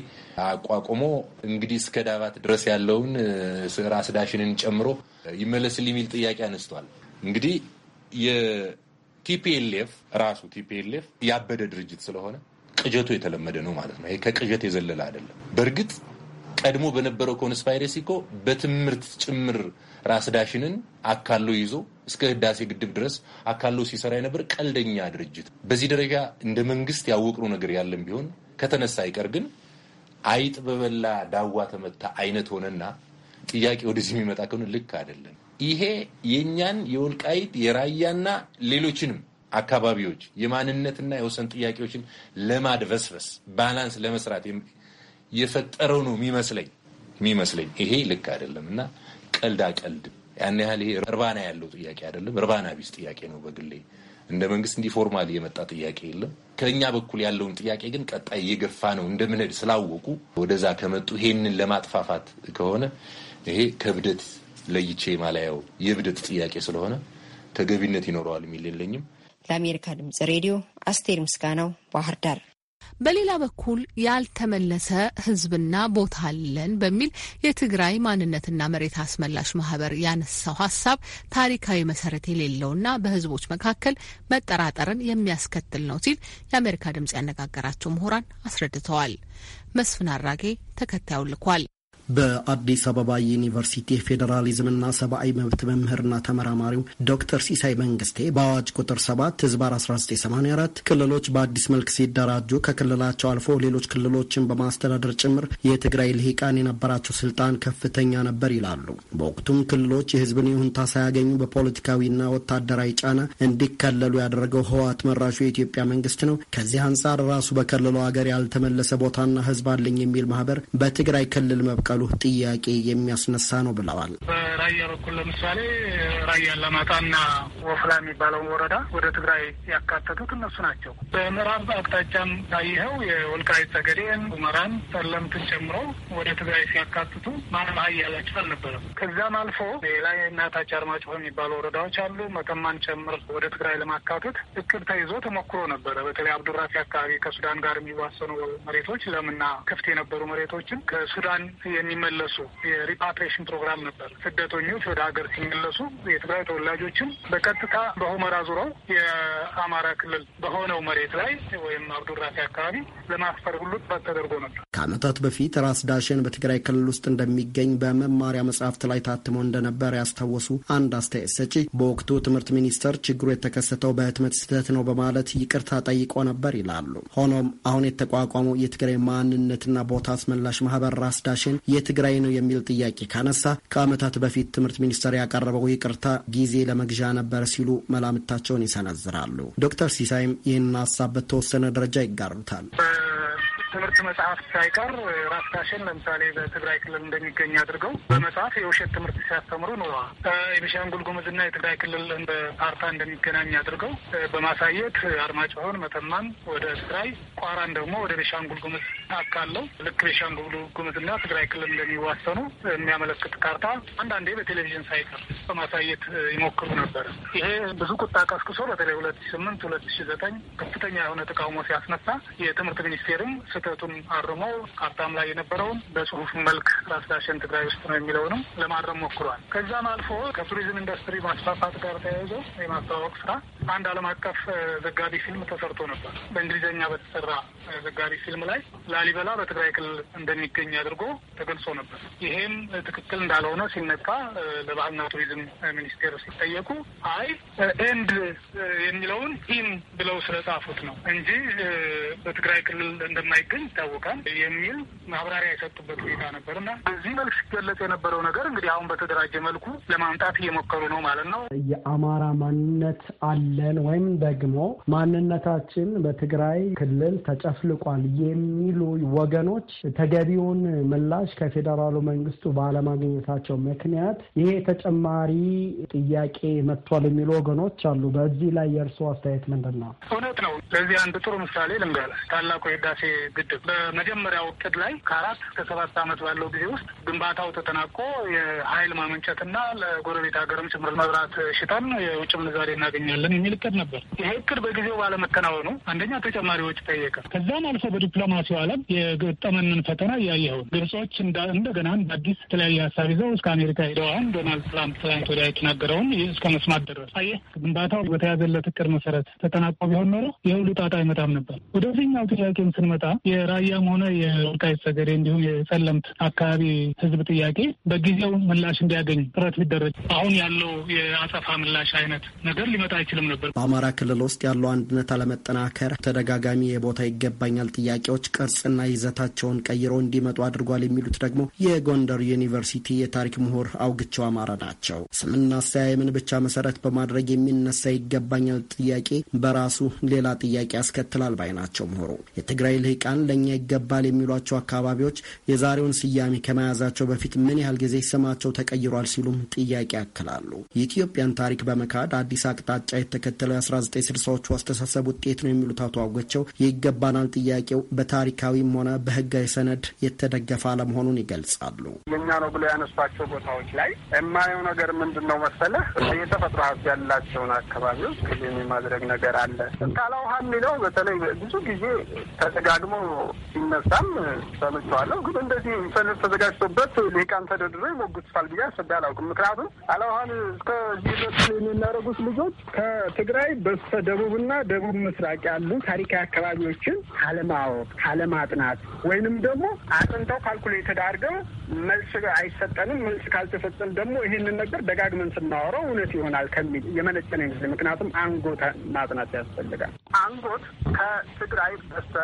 አቋቁሞ እንግዲህ እስከ ዳባት ድረስ ያለውን ራስ ዳሽንን ጨምሮ ይመለስል የሚል ጥያቄ አነስቷል። እንግዲህ የቲፒኤልኤፍ ራሱ ቲፒኤልኤፍ ያበደ ድርጅት ስለሆነ ቅጀቱ የተለመደ ነው ማለት ነው። ይሄ የዘለለ አይደለም። በእርግጥ ቀድሞ በነበረው ኮንስፓይሬሲ እኮ በትምህርት ጭምር ራስ ዳሽንን አካሎ ይዞ እስከ ህዳሴ ግድብ ድረስ አካሎ ሲሰራ የነበር ቀልደኛ ድርጅት። በዚህ ደረጃ እንደ መንግስት ያወቅነው ነገር ያለን ቢሆን ከተነሳ አይቀር ግን አይጥ በበላ ዳዋ ተመታ አይነት ሆነና ጥያቄ ወደዚህ የሚመጣ ከሆነ ልክ አይደለም። ይሄ የእኛን የወልቃይት የራያና ሌሎችንም አካባቢዎች የማንነትና የወሰን ጥያቄዎችን ለማድበስበስ ባላንስ ለመስራት የፈጠረው ነው የሚመስለኝ የሚመስለኝ ይሄ ልክ አይደለም እና ቀልድ ያን ያህል ይሄ እርባና ያለው ጥያቄ አይደለም። እርባና ቢስ ጥያቄ ነው። በግሌ እንደ መንግስት እንዲህ ፎርማል የመጣ ጥያቄ የለም። ከእኛ በኩል ያለውን ጥያቄ ግን ቀጣይ እየገፋ ነው እንደምንሄድ ስላወቁ ወደዛ ከመጡ ይሄንን ለማጥፋፋት ከሆነ ይሄ ከብደት ለይቼ ማላያው የብደት ጥያቄ ስለሆነ ተገቢነት ይኖረዋል የሚል የለኝም። ለአሜሪካ ድምጽ ሬዲዮ አስቴር ምስጋናው ባህር ዳር በሌላ በኩል ያልተመለሰ ህዝብና ቦታ አለን በሚል የትግራይ ማንነትና መሬት አስመላሽ ማህበር ያነሳው ሀሳብ ታሪካዊ መሰረት የሌለውና በህዝቦች መካከል መጠራጠርን የሚያስከትል ነው ሲል የአሜሪካ ድምጽ ያነጋገራቸው ምሁራን አስረድተዋል። መስፍን አራጌ ተከታዩን ልኳል። በአዲስ አበባ ዩኒቨርሲቲ ፌዴራሊዝምና ሰብአዊ መብት መምህርና ተመራማሪው ዶክተር ሲሳይ መንግስቴ በአዋጅ ቁጥር 7 ህዝባር 1984 ክልሎች በአዲስ መልክ ሲደራጁ ከክልላቸው አልፎ ሌሎች ክልሎችን በማስተዳደር ጭምር የትግራይ ልሂቃን የነበራቸው ስልጣን ከፍተኛ ነበር ይላሉ። በወቅቱም ክልሎች የህዝብን ይሁንታ ሳያገኙ በፖለቲካዊና ወታደራዊ ጫና እንዲከለሉ ያደረገው ህወሓት መራሹ የኢትዮጵያ መንግስት ነው። ከዚህ አንጻር ራሱ በከለለው ሀገር ያልተመለሰ ቦታና ህዝብ አለኝ የሚል ማህበር በትግራይ ክልል መብቀሉ መቻሉ ጥያቄ የሚያስነሳ ነው ብለዋል። በራያ በኩል ለምሳሌ ራያ አላማጣና ወፍላ የሚባለውን ወረዳ ወደ ትግራይ ያካተቱት እነሱ ናቸው። በምዕራብ አቅጣጫም ታይኸው የወልቃይት ጠገዴን፣ ሁመራን፣ ጠለምትን ጨምሮ ወደ ትግራይ ሲያካትቱ ማንም ሀያላቸው አልነበረም። ከዛም አልፎ ሌላ የእናታች አርማጭሆ የሚባሉ ወረዳዎች አሉ። መተማን ጨምር ወደ ትግራይ ለማካተት እቅድ ተይዞ ተሞክሮ ነበረ። በተለይ አብዱራፊ አካባቢ ከሱዳን ጋር የሚዋሰኑ መሬቶች ለምና ክፍት የነበሩ መሬቶችን ከሱዳን የሚመለሱ የሪፓትሬሽን ፕሮግራም ነበር። ስደተኞች ወደ ሀገር ሲመለሱ የትግራይ ተወላጆችን በቀጥታ በሁመራ ዙረው የአማራ ክልል በሆነው መሬት ላይ ወይም አብዱራፊ አካባቢ ለማስፈር ሁሉ ጥረት ተደርጎ ነበር። ከዓመታት በፊት ራስ ዳሽን በትግራይ ክልል ውስጥ እንደሚገኝ በመማሪያ መጽሐፍት ላይ ታትሞ እንደነበር ያስታወሱ አንድ አስተያየት ሰጪ በወቅቱ ትምህርት ሚኒስተር ችግሩ የተከሰተው በህትመት ስህተት ነው በማለት ይቅርታ ጠይቆ ነበር ይላሉ። ሆኖም አሁን የተቋቋመው የትግራይ ማንነትና ቦታ አስመላሽ ማህበር ራስ ዳሽን የትግራይ ነው የሚል ጥያቄ ካነሳ ከዓመታት በፊት ትምህርት ሚኒስተር ያቀረበው ይቅርታ ጊዜ ለመግዣ ነበር ሲሉ መላምታቸውን ይሰነዝራሉ። ዶክተር ሲሳይም ይህንን ሀሳብ በተወሰነ ደረጃ ይጋሩታል። ትምህርት መጽሐፍ ሳይቀር ራፍታሽን ለምሳሌ በትግራይ ክልል እንደሚገኝ አድርገው በመጽሐፍ የውሸት ትምህርት ሲያስተምሩ ኖረዋል። የቤኒሻንጉል ጉሙዝና የትግራይ ክልል ፓርታ እንደሚገናኝ አድርገው በማሳየት አርማጭሆን፣ መተማን ወደ ትግራይ ቋራን ደግሞ ወደ ቤኒሻንጉል ጉሙዝ አካለው ልክ ቤኒሻንጉል ጉሙዝና ትግራይ ክልል እንደሚዋሰኑ የሚያመለክት ካርታ አንዳንዴ በቴሌቪዥን ሳይቀር በማሳየት ይሞክሩ ነበር። ይሄ ብዙ ቁጣ ቀስቅሶ በተለይ ሁለት ሺ ስምንት ሁለት ሺ ዘጠኝ ከፍተኛ የሆነ ተቃውሞ ሲያስነሳ የትምህርት ሚኒስቴርም ስህተቱን አርሞ ካርታም ላይ የነበረውን በጽሁፍ መልክ ላስዳሸን ትግራይ ውስጥ ነው የሚለውንም ለማረም ሞክሯል። ከዛም አልፎ ከቱሪዝም ኢንዱስትሪ ማስፋፋት ጋር ተያይዞ የማስተዋወቅ ስራ አንድ ዓለም አቀፍ ዘጋቢ ፊልም ተሰርቶ ነበር። በእንግሊዝኛ በተሰራ ዘጋቢ ፊልም ላይ ላሊበላ በትግራይ ክልል እንደሚገኝ አድርጎ ተገልጾ ነበር። ይሄም ትክክል እንዳልሆነ ሲነካ ለባህልና ቱሪዝም ሚኒስቴር ሲጠየቁ አይ ኤንድ የሚለውን ኢን ብለው ስለጻፉት ነው እንጂ በትግራይ ክልል እንደማይ እንደሚገኝ ይታወቃል የሚል ማብራሪያ የሰጡበት ሁኔታ ነበር እና በዚህ መልክ ሲገለጽ የነበረው ነገር እንግዲህ አሁን በተደራጀ መልኩ ለማምጣት እየሞከሩ ነው ማለት ነው። የአማራ ማንነት አለን ወይም ደግሞ ማንነታችን በትግራይ ክልል ተጨፍልቋል የሚሉ ወገኖች ተገቢውን ምላሽ ከፌዴራሉ መንግስቱ ባለማግኘታቸው ምክንያት ይሄ ተጨማሪ ጥያቄ መጥቷል የሚሉ ወገኖች አሉ። በዚህ ላይ የእርስዎ አስተያየት ምንድን ነው? እውነት ነው። ለዚህ አንድ ጥሩ ምሳሌ ልንገር። ታላቁ የህዳሴ ግድብ በመጀመሪያው እቅድ ላይ ከአራት እስከ ሰባት ዓመት ባለው ጊዜ ውስጥ ግንባታው ተጠናቆ የሀይል ማመንጨትና ለጎረቤት ሀገርም ጭምር መብራት ሽጠን የውጭ ምንዛሬ እናገኛለን የሚል እቅድ ነበር። ይሄ እቅድ በጊዜው ባለመከናወኑ አንደኛ ተጨማሪ ወጪ ጠየቀ። ከዛም አልፎ በዲፕሎማሲው ዓለም የገጠመንን ፈተና እያየኸውን ግብጾች እንደገና እንደ አዲስ የተለያየ ሀሳብ ይዘው እስከ አሜሪካ ሄደዋን ዶናልድ ትራምፕ ትናንት ወዲያ የተናገረውን እስከ መስማት ደረስ። አየህ ግንባታው በተያዘለት እቅድ መሰረት ተጠናቆ ቢሆን ኖሮ የሁሉ ጣጣ አይመጣም ነበር። ወደዚህኛው ጥያቄም ስንመጣ የራያም ሆነ የወልቃይት ጠገዴ እንዲሁም የሰለምት አካባቢ ህዝብ ጥያቄ በጊዜው ምላሽ እንዲያገኝ ጥረት ቢደረግ አሁን ያለው የአጸፋ ምላሽ አይነት ነገር ሊመጣ አይችልም ነበር። በአማራ ክልል ውስጥ ያለው አንድነት አለመጠናከር ተደጋጋሚ የቦታ ይገባኛል ጥያቄዎች ቅርጽና ይዘታቸውን ቀይሮ እንዲመጡ አድርጓል የሚሉት ደግሞ የጎንደር ዩኒቨርሲቲ የታሪክ ምሁር አውግቸው አማራ ናቸው። ስምና አስተያየምን ብቻ መሰረት በማድረግ የሚነሳ ይገባኛል ጥያቄ በራሱ ሌላ ጥያቄ ያስከትላል ባይ ናቸው ምሁሩ። የትግራይ ልሂቃን ሱዳን ለእኛ ይገባል የሚሏቸው አካባቢዎች የዛሬውን ስያሜ ከመያዛቸው በፊት ምን ያህል ጊዜ ስማቸው ተቀይሯል ሲሉም ጥያቄ ያክላሉ። የኢትዮጵያን ታሪክ በመካድ አዲስ አቅጣጫ የተከተለው 196 1960 ዎቹ አስተሳሰብ ውጤት ነው የሚሉት አቶ አወቸው የይገባናል ጥያቄው በታሪካዊም ሆነ በህጋዊ ሰነድ የተደገፈ አለመሆኑን ይገልጻሉ። የእኛ ነው ብሎ ያነሷቸው ቦታዎች ላይ የማየው ነገር ምንድን ነው መሰለህ? የተፈጥሮ ሀብት ያላቸውን አካባቢዎች ክልል የማድረግ ነገር አለ። ካላውሃ የሚለው በተለይ ብዙ ጊዜ ተደጋግመው ሲነሳም ሰምቸዋለሁ። ግን እንደዚህ ሰነድ ተዘጋጅቶበት ሊቃን ተደርድሮ ይሞግቱታል ብዬ አስቤ አላውቅም። ምክንያቱም አለኋን እስከዚህ ድረስ የሚናረጉት ልጆች ከትግራይ በስተ ደቡብና ደቡብ ምስራቅ ያሉ ታሪካዊ አካባቢዎችን ካለማወቅ ካለማጥናት ወይንም ደግሞ አጥንተው ካልኩሌትድ አድርገው መልስ አይሰጠንም። መልስ ካልተሰጠን ደግሞ ይህንን ነገር ደጋግመን ስናወረው እውነት ይሆናል ከሚል የመነጨነ ነው። ምክንያቱም አንጎ ማጥናት ያስፈልጋል። አንጎት ከትግራይ በስተ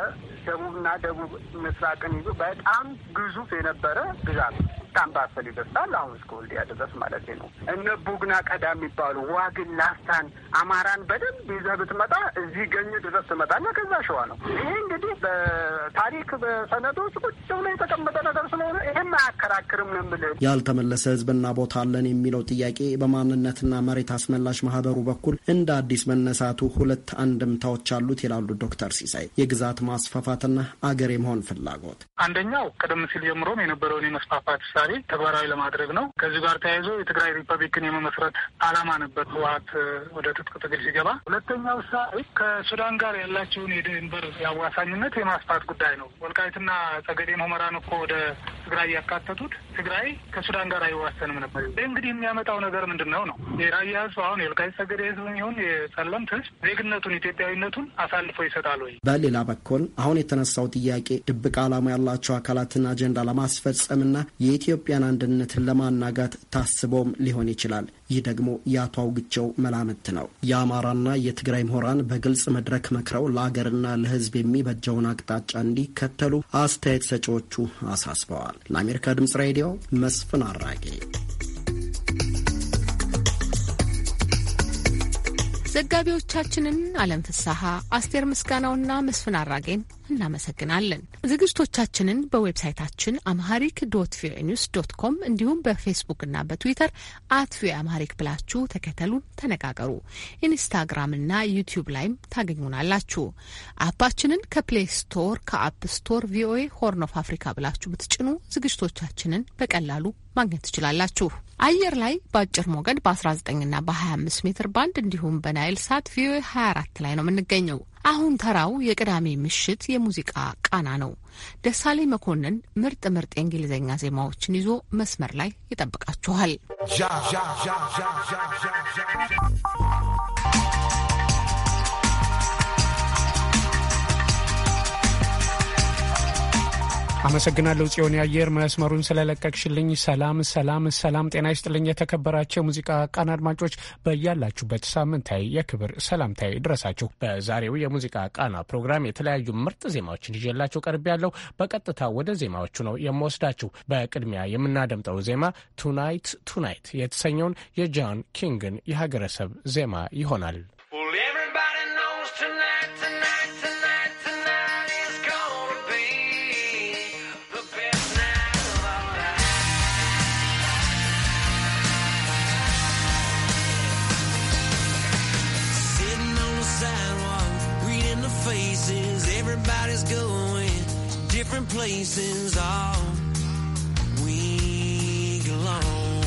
ደቡብና ደቡብ ምስራቅን ይዞ በጣም ግዙፍ የነበረ ግዛት ነው። ሁለት በአሰብ ይደርሳል። አሁን እስከ ወልዲያ ድረስ ማለት ነው። እነ ቡግና ቀዳ የሚባሉ ዋግን፣ ላስታን፣ አማራን በደንብ ይዘህ ብትመጣ እዚህ ገኝ ድረስ ትመጣና ከዛ ሸዋ ነው። ይሄ እንግዲህ በታሪክ በሰነዶች ቁጭ ብሎ የተቀመጠ ነገር ስለሆነ ይህም አያከራክርም ነው የምልህ። ያልተመለሰ ህዝብና ቦታ አለን የሚለው ጥያቄ በማንነትና መሬት አስመላሽ ማህበሩ በኩል እንደ አዲስ መነሳቱ ሁለት አንድምታዎች አሉት ይላሉ ዶክተር ሲሳይ የግዛት ማስፋፋትና አገር የመሆን ፍላጎት አንደኛው ቀደም ሲል ጀምሮም የነበረውን የመስፋፋት ዛሬ ተግባራዊ ለማድረግ ነው። ከዚህ ጋር ተያይዞ የትግራይ ሪፐብሊክን የመመስረት አላማ ነበር ህወሀት ወደ ትጥቅ ትግል ሲገባ። ሁለተኛው ሳይ ከሱዳን ጋር ያላቸውን የድንበር የአዋሳኝነት የማስፋት ጉዳይ ነው። ወልቃይትና ጸገዴን ሁመራን እኮ ወደ ትግራይ ያካተቱት ትግራይ ከሱዳን ጋር አይዋሰንም ነበር። ይህ እንግዲህ የሚያመጣው ነገር ምንድን ነው ነው የራያ ህዝብ አሁን የወልቃይት ጸገዴ ህዝብ ይሁን የጸለምት ህዝብ ዜግነቱን ኢትዮጵያዊነቱን አሳልፎ ይሰጣል ወይ? በሌላ በኩል አሁን የተነሳው ጥያቄ ድብቅ አላማ ያላቸው አካላትን አጀንዳ ለማስፈጸምና የኢትዮ የኢትዮጵያን አንድነትን ለማናጋት ታስቦም ሊሆን ይችላል። ይህ ደግሞ የአቶ አውግቸው መላምት ነው። የአማራና የትግራይ ምሁራን በግልጽ መድረክ መክረው ለአገርና ለሕዝብ የሚበጀውን አቅጣጫ እንዲከተሉ አስተያየት ሰጪዎቹ አሳስበዋል። ለአሜሪካ ድምጽ ሬዲዮ መስፍን አራጌ ዘጋቢዎቻችንን አለም ፍስሐ፣ አስቴር ምስጋናውና መስፍን አራጌን እናመሰግናለን። ዝግጅቶቻችንን በዌብሳይታችን አምሃሪክ ዶት ቪኦኤ ኒውስ ዶት ኮም እንዲሁም በፌስቡክና በትዊተር አት ቪኦኤ አምሃሪክ ብላችሁ ተከተሉን፣ ተነጋገሩ። ኢንስታግራምና ዩቲዩብ ላይም ታገኙናላችሁ። አፓችንን ከፕሌይ ስቶር ከአፕ ስቶር ቪኦኤ ሆርን ኦፍ አፍሪካ ብላችሁ ብትጭኑ ዝግጅቶቻችንን በቀላሉ ማግኘት ትችላላችሁ። አየር ላይ በአጭር ሞገድ በ19ና በ25 ሜትር ባንድ እንዲሁም በናይል ሳት ቪኦኤ 24 ላይ ነው የምንገኘው። አሁን ተራው የቅዳሜ ምሽት የሙዚቃ ቃና ነው። ደሳሌ መኮንን ምርጥ ምርጥ የእንግሊዝኛ ዜማዎችን ይዞ መስመር ላይ ይጠብቃችኋል። አመሰግናለሁ ጽዮን የአየር መስመሩን ስለለቀቅሽልኝ። ሰላም ሰላም ሰላም፣ ጤና ይስጥልኝ። የተከበራቸው የሙዚቃ ቃና አድማጮች በያላችሁበት ሳምንታዊ የክብር ሰላምታዊ ድረሳችሁ። በዛሬው የሙዚቃ ቃና ፕሮግራም የተለያዩ ምርጥ ዜማዎችን ይዤላችሁ ቀርብ ያለው በቀጥታ ወደ ዜማዎቹ ነው የምወስዳችሁ። በቅድሚያ የምናደምጠው ዜማ ቱናይት ቱናይት የተሰኘውን የጃን ኪንግን የሀገረሰብ ዜማ ይሆናል። Everybody's going different places all week long.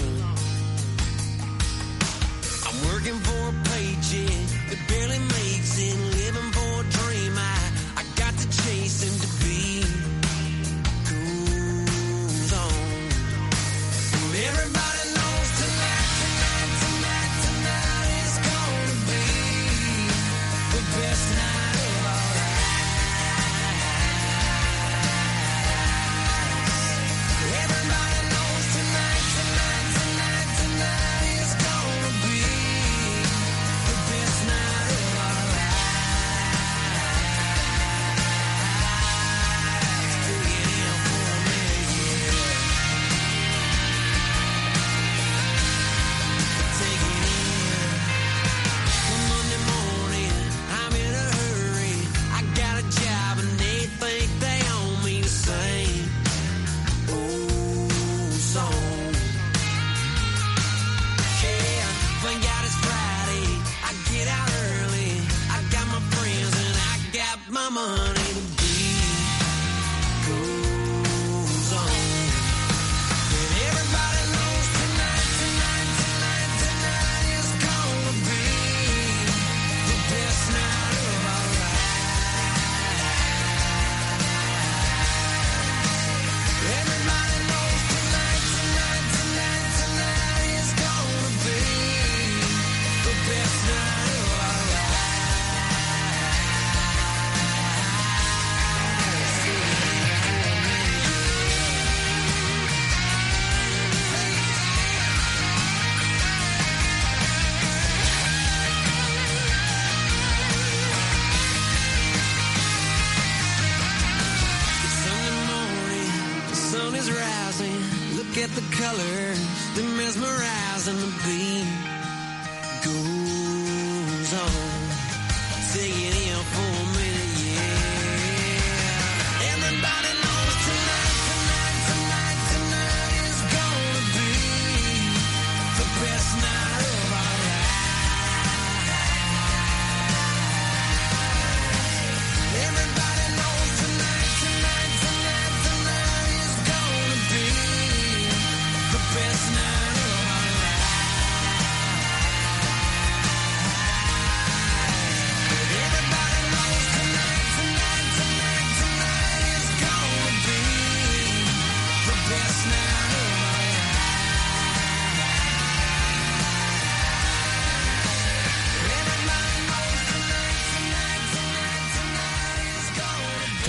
I'm working for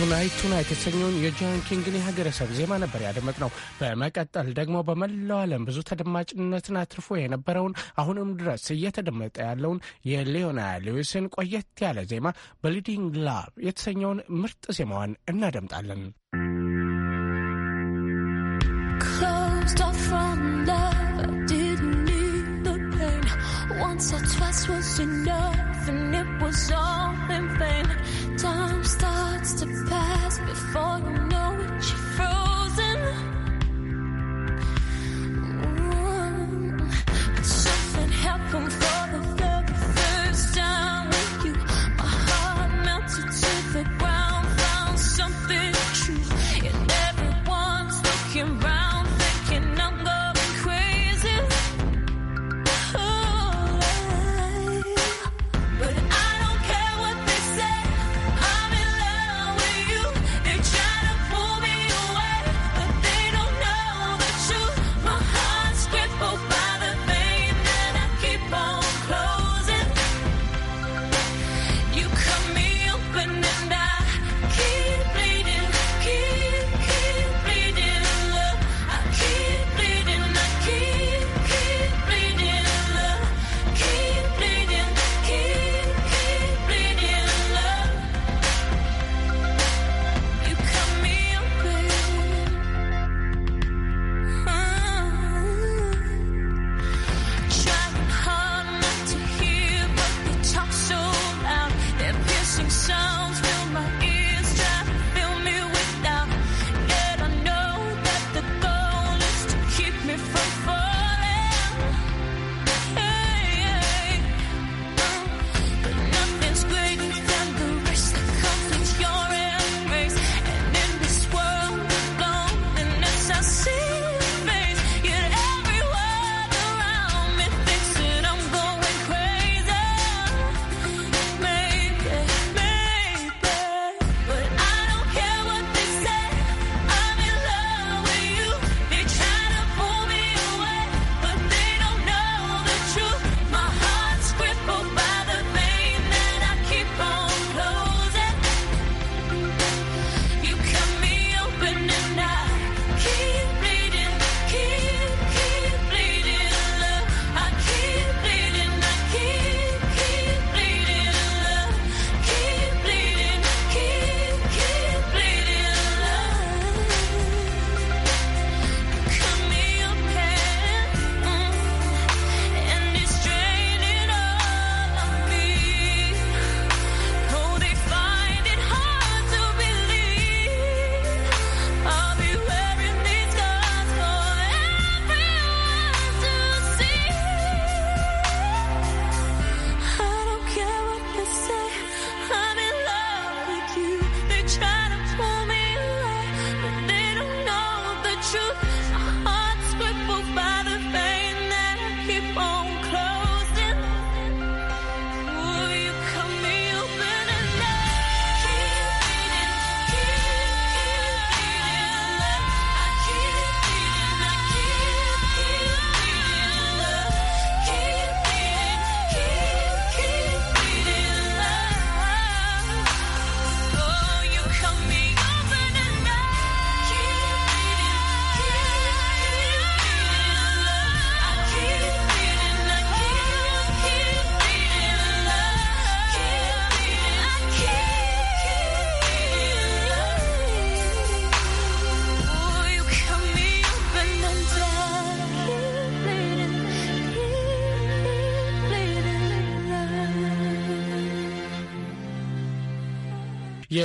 ቱናይት ቱናይት የተሰኘውን የጃን ኪንግን የሀገረሰብ ዜማ ነበር ያደመጥ ነው። በመቀጠል ደግሞ በመላው ዓለም ብዙ ተደማጭነትን አትርፎ የነበረውን አሁንም ድረስ እየተደመጠ ያለውን የሊዮና ሌዊስን ቆየት ያለ ዜማ በሊዲንግ ላቭ የተሰኘውን ምርጥ ዜማዋን እናደምጣለን። Once or twice was enough and it was all in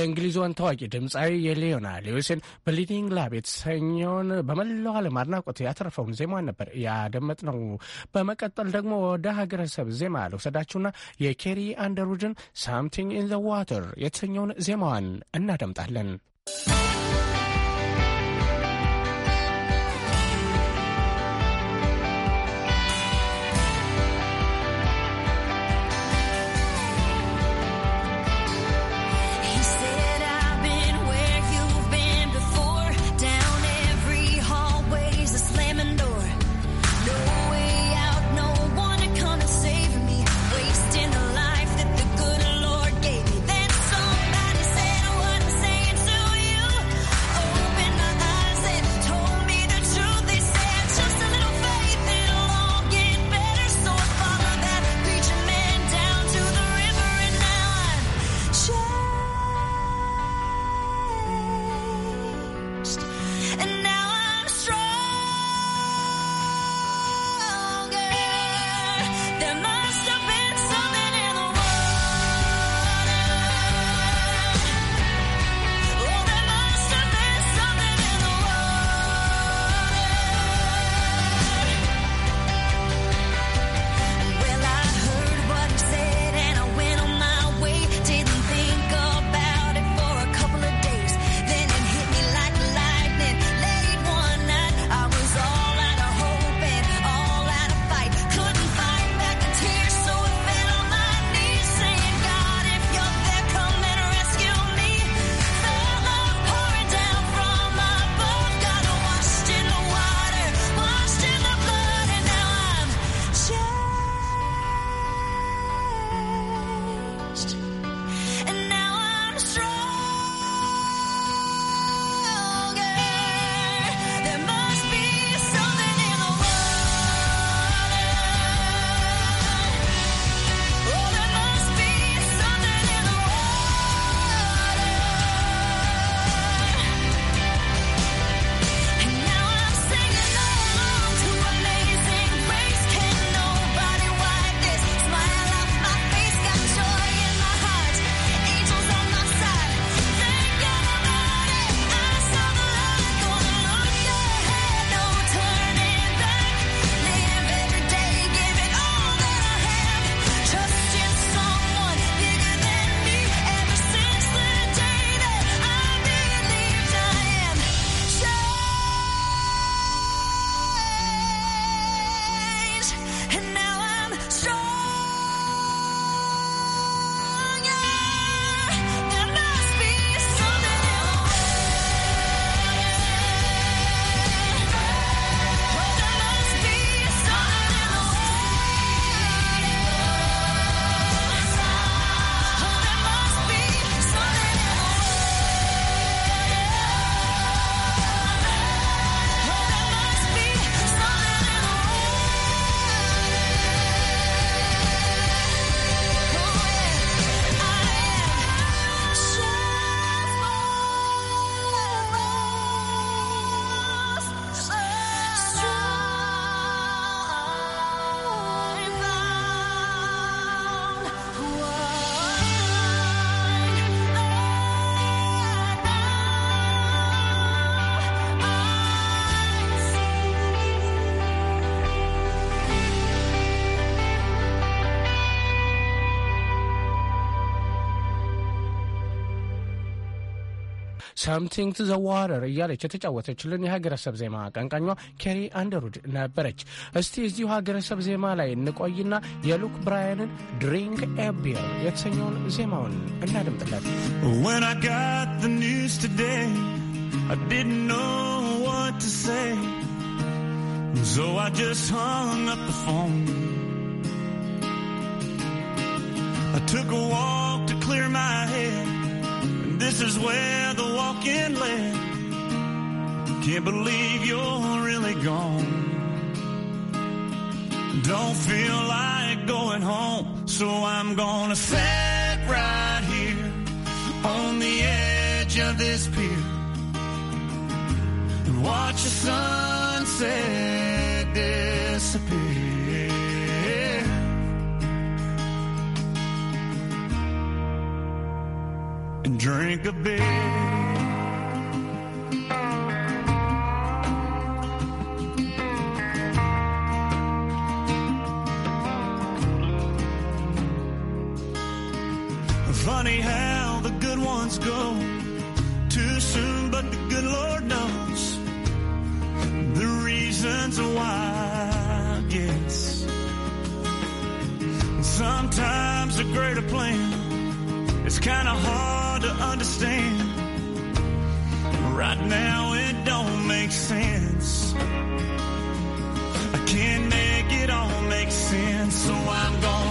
የእንግሊዟን ታዋቂ ድምፃዊ የሌዮና ሊዊስን ብሊዲንግ ላብ የተሰኘውን በመላው ዓለም አድናቆት ያተረፈውን ዜማዋን ነበር ያደመጥነው። በመቀጠል ደግሞ ወደ ሀገረሰብ ዜማ ልውሰዳችሁና የኬሪ አንደርውድን ሳምቲንግ ኢን ዘ ዋተር የተሰኘውን ዜማዋን እናደምጣለን። ሳምቲንግ ዘ ዋተር እያለች የተጫወተችልን የሀገረሰብ ዜማ አቀንቃኟ ኬሪ አንደሩድ ነበረች። እስቲ እዚሁ ሀገረሰብ ዜማ ላይ እንቆይና የሉክ ብራያንን ድሪንክ ኤ ቢር የተሰኘውን ዜማውን እናድምጥለት። When I got the news today, I didn't know what to say. So I just hung up the phone. I took a walk to clear my head. This is where the walking led. Can't believe you're really gone. Don't feel like going home, so I'm gonna sit right here on the edge of this pier and watch the sunset disappear. drink a beer. Funny how the good ones go too soon, but the good Lord knows the reasons why it Sometimes a greater plan is kind of hard understand. Right now it don't make sense. I can't make it all make sense, so I'm gone.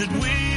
that we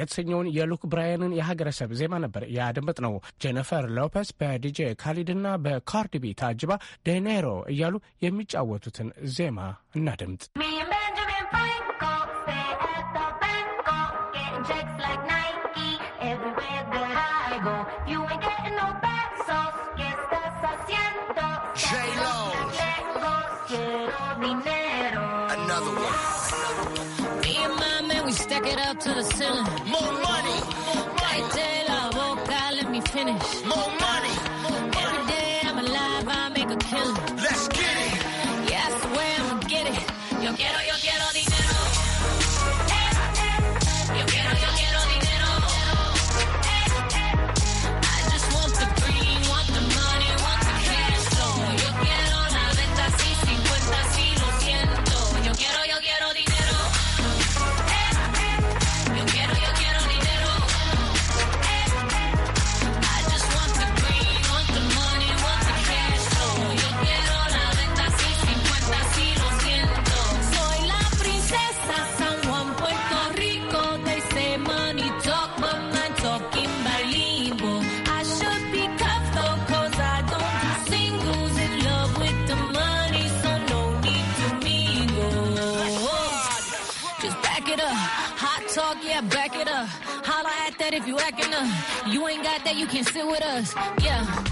የተሰኘውን የሉክ ብራያንን የሀገረሰብ ዜማ ነበር ያደመጥ ነው። ጄኒፈር ሎፐስ በዲጄ ካሊድና በካርዲቢ ታጅባ ደኔሮ እያሉ የሚጫወቱትን ዜማ እናድምጥ። can sit with us. Yeah.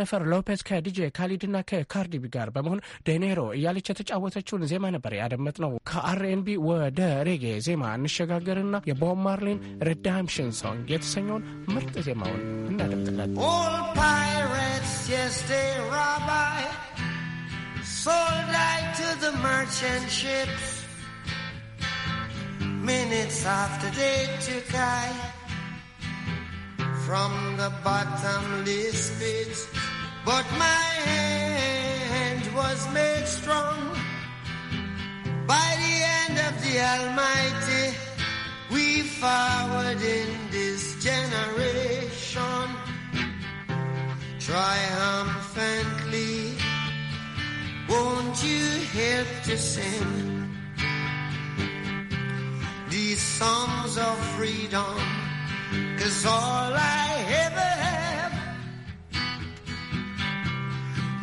ጀነፈር ሎፔዝ ከዲጄ ካሊድና ከካርዲቢ ጋር በመሆን ደኔሮ እያለች የተጫወተችውን ዜማ ነበር ያደመጥ ነው። ከአርኤንቢ ወደ ሬጌ ዜማ እንሸጋገርና የቦብ ማርሊን ሬዳምሽን ሶንግ የተሰኘውን ምርጥ ዜማውን እናደምጥለን። Minutes after they took I from the bottomless pit. But my hand was made strong by the hand of the Almighty. We forward in this generation triumphantly. Won't you help to sing these songs of freedom? Cause all I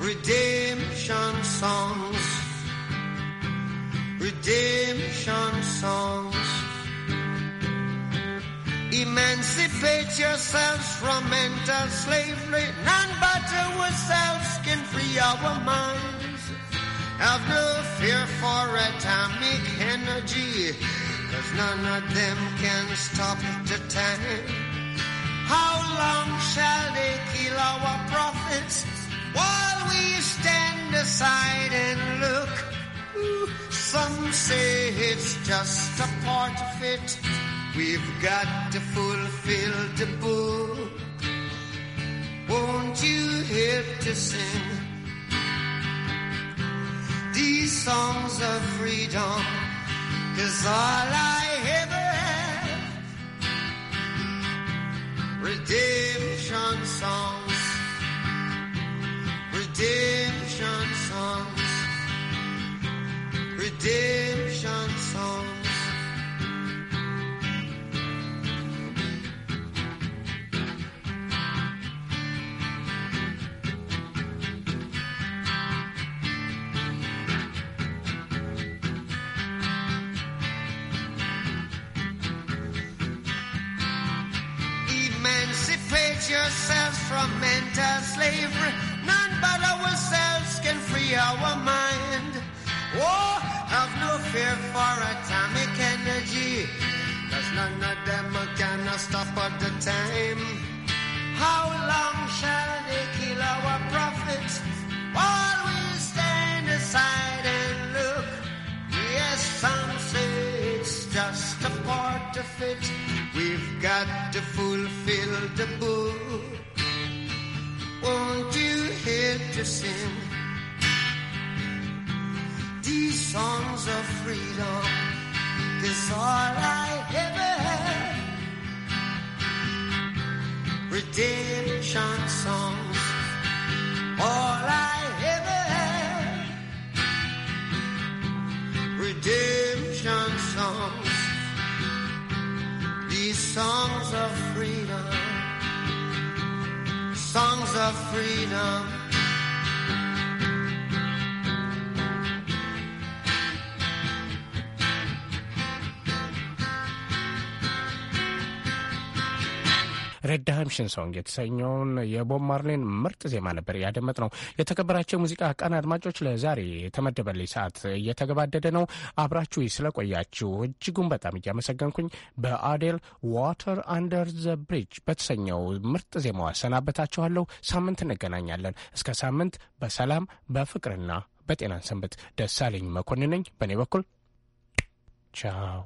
redemption songs, redemption songs. Emancipate yourselves from mental slavery, none but ourselves can free our minds. Have no fear for atomic energy, cause none of them can stop the time. How long shall they kill our prophets? while we stand aside and look. some say it's just a part of it. We've got to fulfill the book. Won't you help to sing these songs of freedom? Cause all I ever have redemption songs redemption songs, redemption songs. for atomic energy. Cause none of them can stop at the time. How long shall songs. All I ever had, redemption songs. These songs of freedom, songs of freedom. አክሽን ሶንግ የተሰኘውን የቦብ ማርሌን ምርጥ ዜማ ነበር ያደመጥ ነው። የተከበራቸው የሙዚቃ ቀን አድማጮች፣ ለዛሬ የተመደበልኝ ሰዓት እየተገባደደ ነው። አብራችሁ ስለቆያችሁ እጅጉን በጣም እያመሰገንኩኝ በአዴል ዋተር አንደር ዘ ብሪጅ በተሰኘው ምርጥ ዜማዋ ሰናበታችኋለሁ። ሳምንት እንገናኛለን። እስከ ሳምንት በሰላም በፍቅርና በጤናን ሰንበት። ደሳለኝ መኮንን ነኝ በእኔ በኩል ቻው።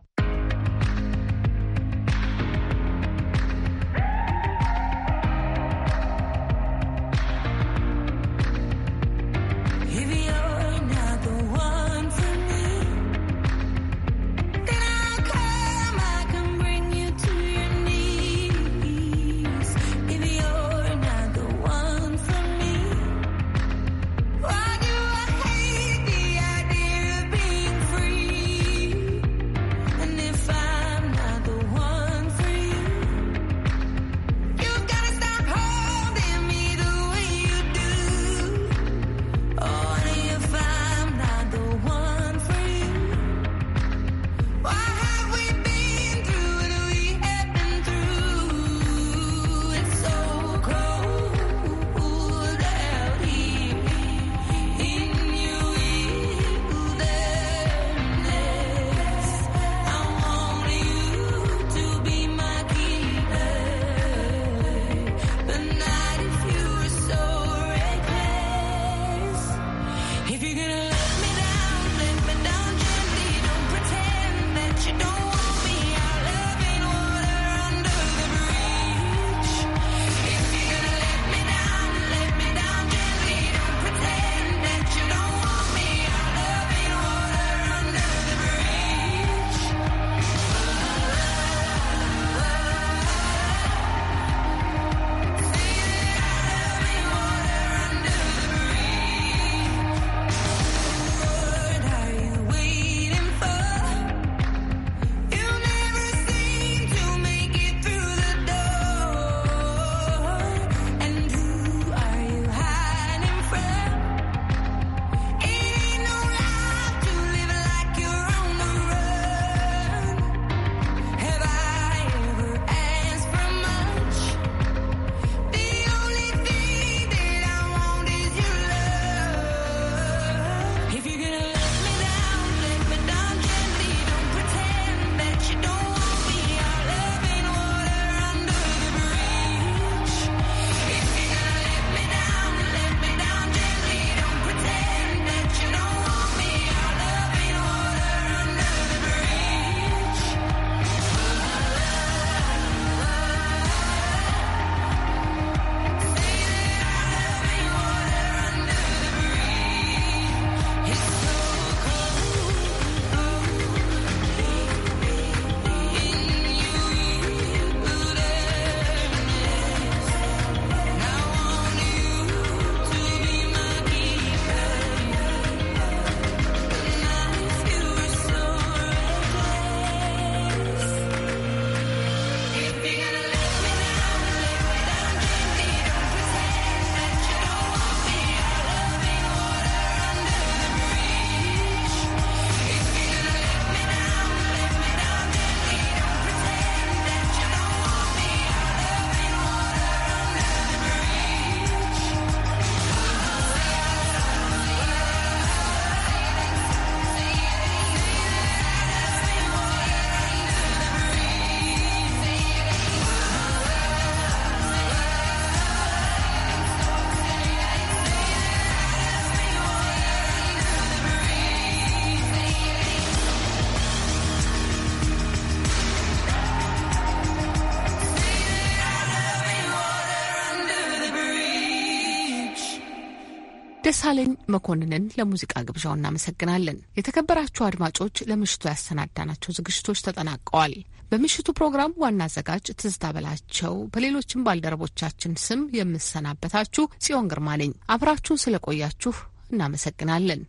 ደሳለኝ መኮንንን ለሙዚቃ ግብዣው እናመሰግናለን። የተከበራችሁ አድማጮች ለምሽቱ ያሰናዳናቸው ዝግጅቶች ተጠናቀዋል። በምሽቱ ፕሮግራም ዋና አዘጋጅ ትዝታ በላቸው፣ በሌሎችም ባልደረቦቻችን ስም የምሰናበታችሁ ጽዮን ግርማ ነኝ። አብራችሁን ስለቆያችሁ እናመሰግናለን።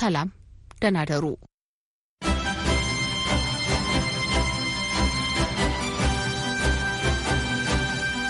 ሰላም፣ ደህና ደሩ።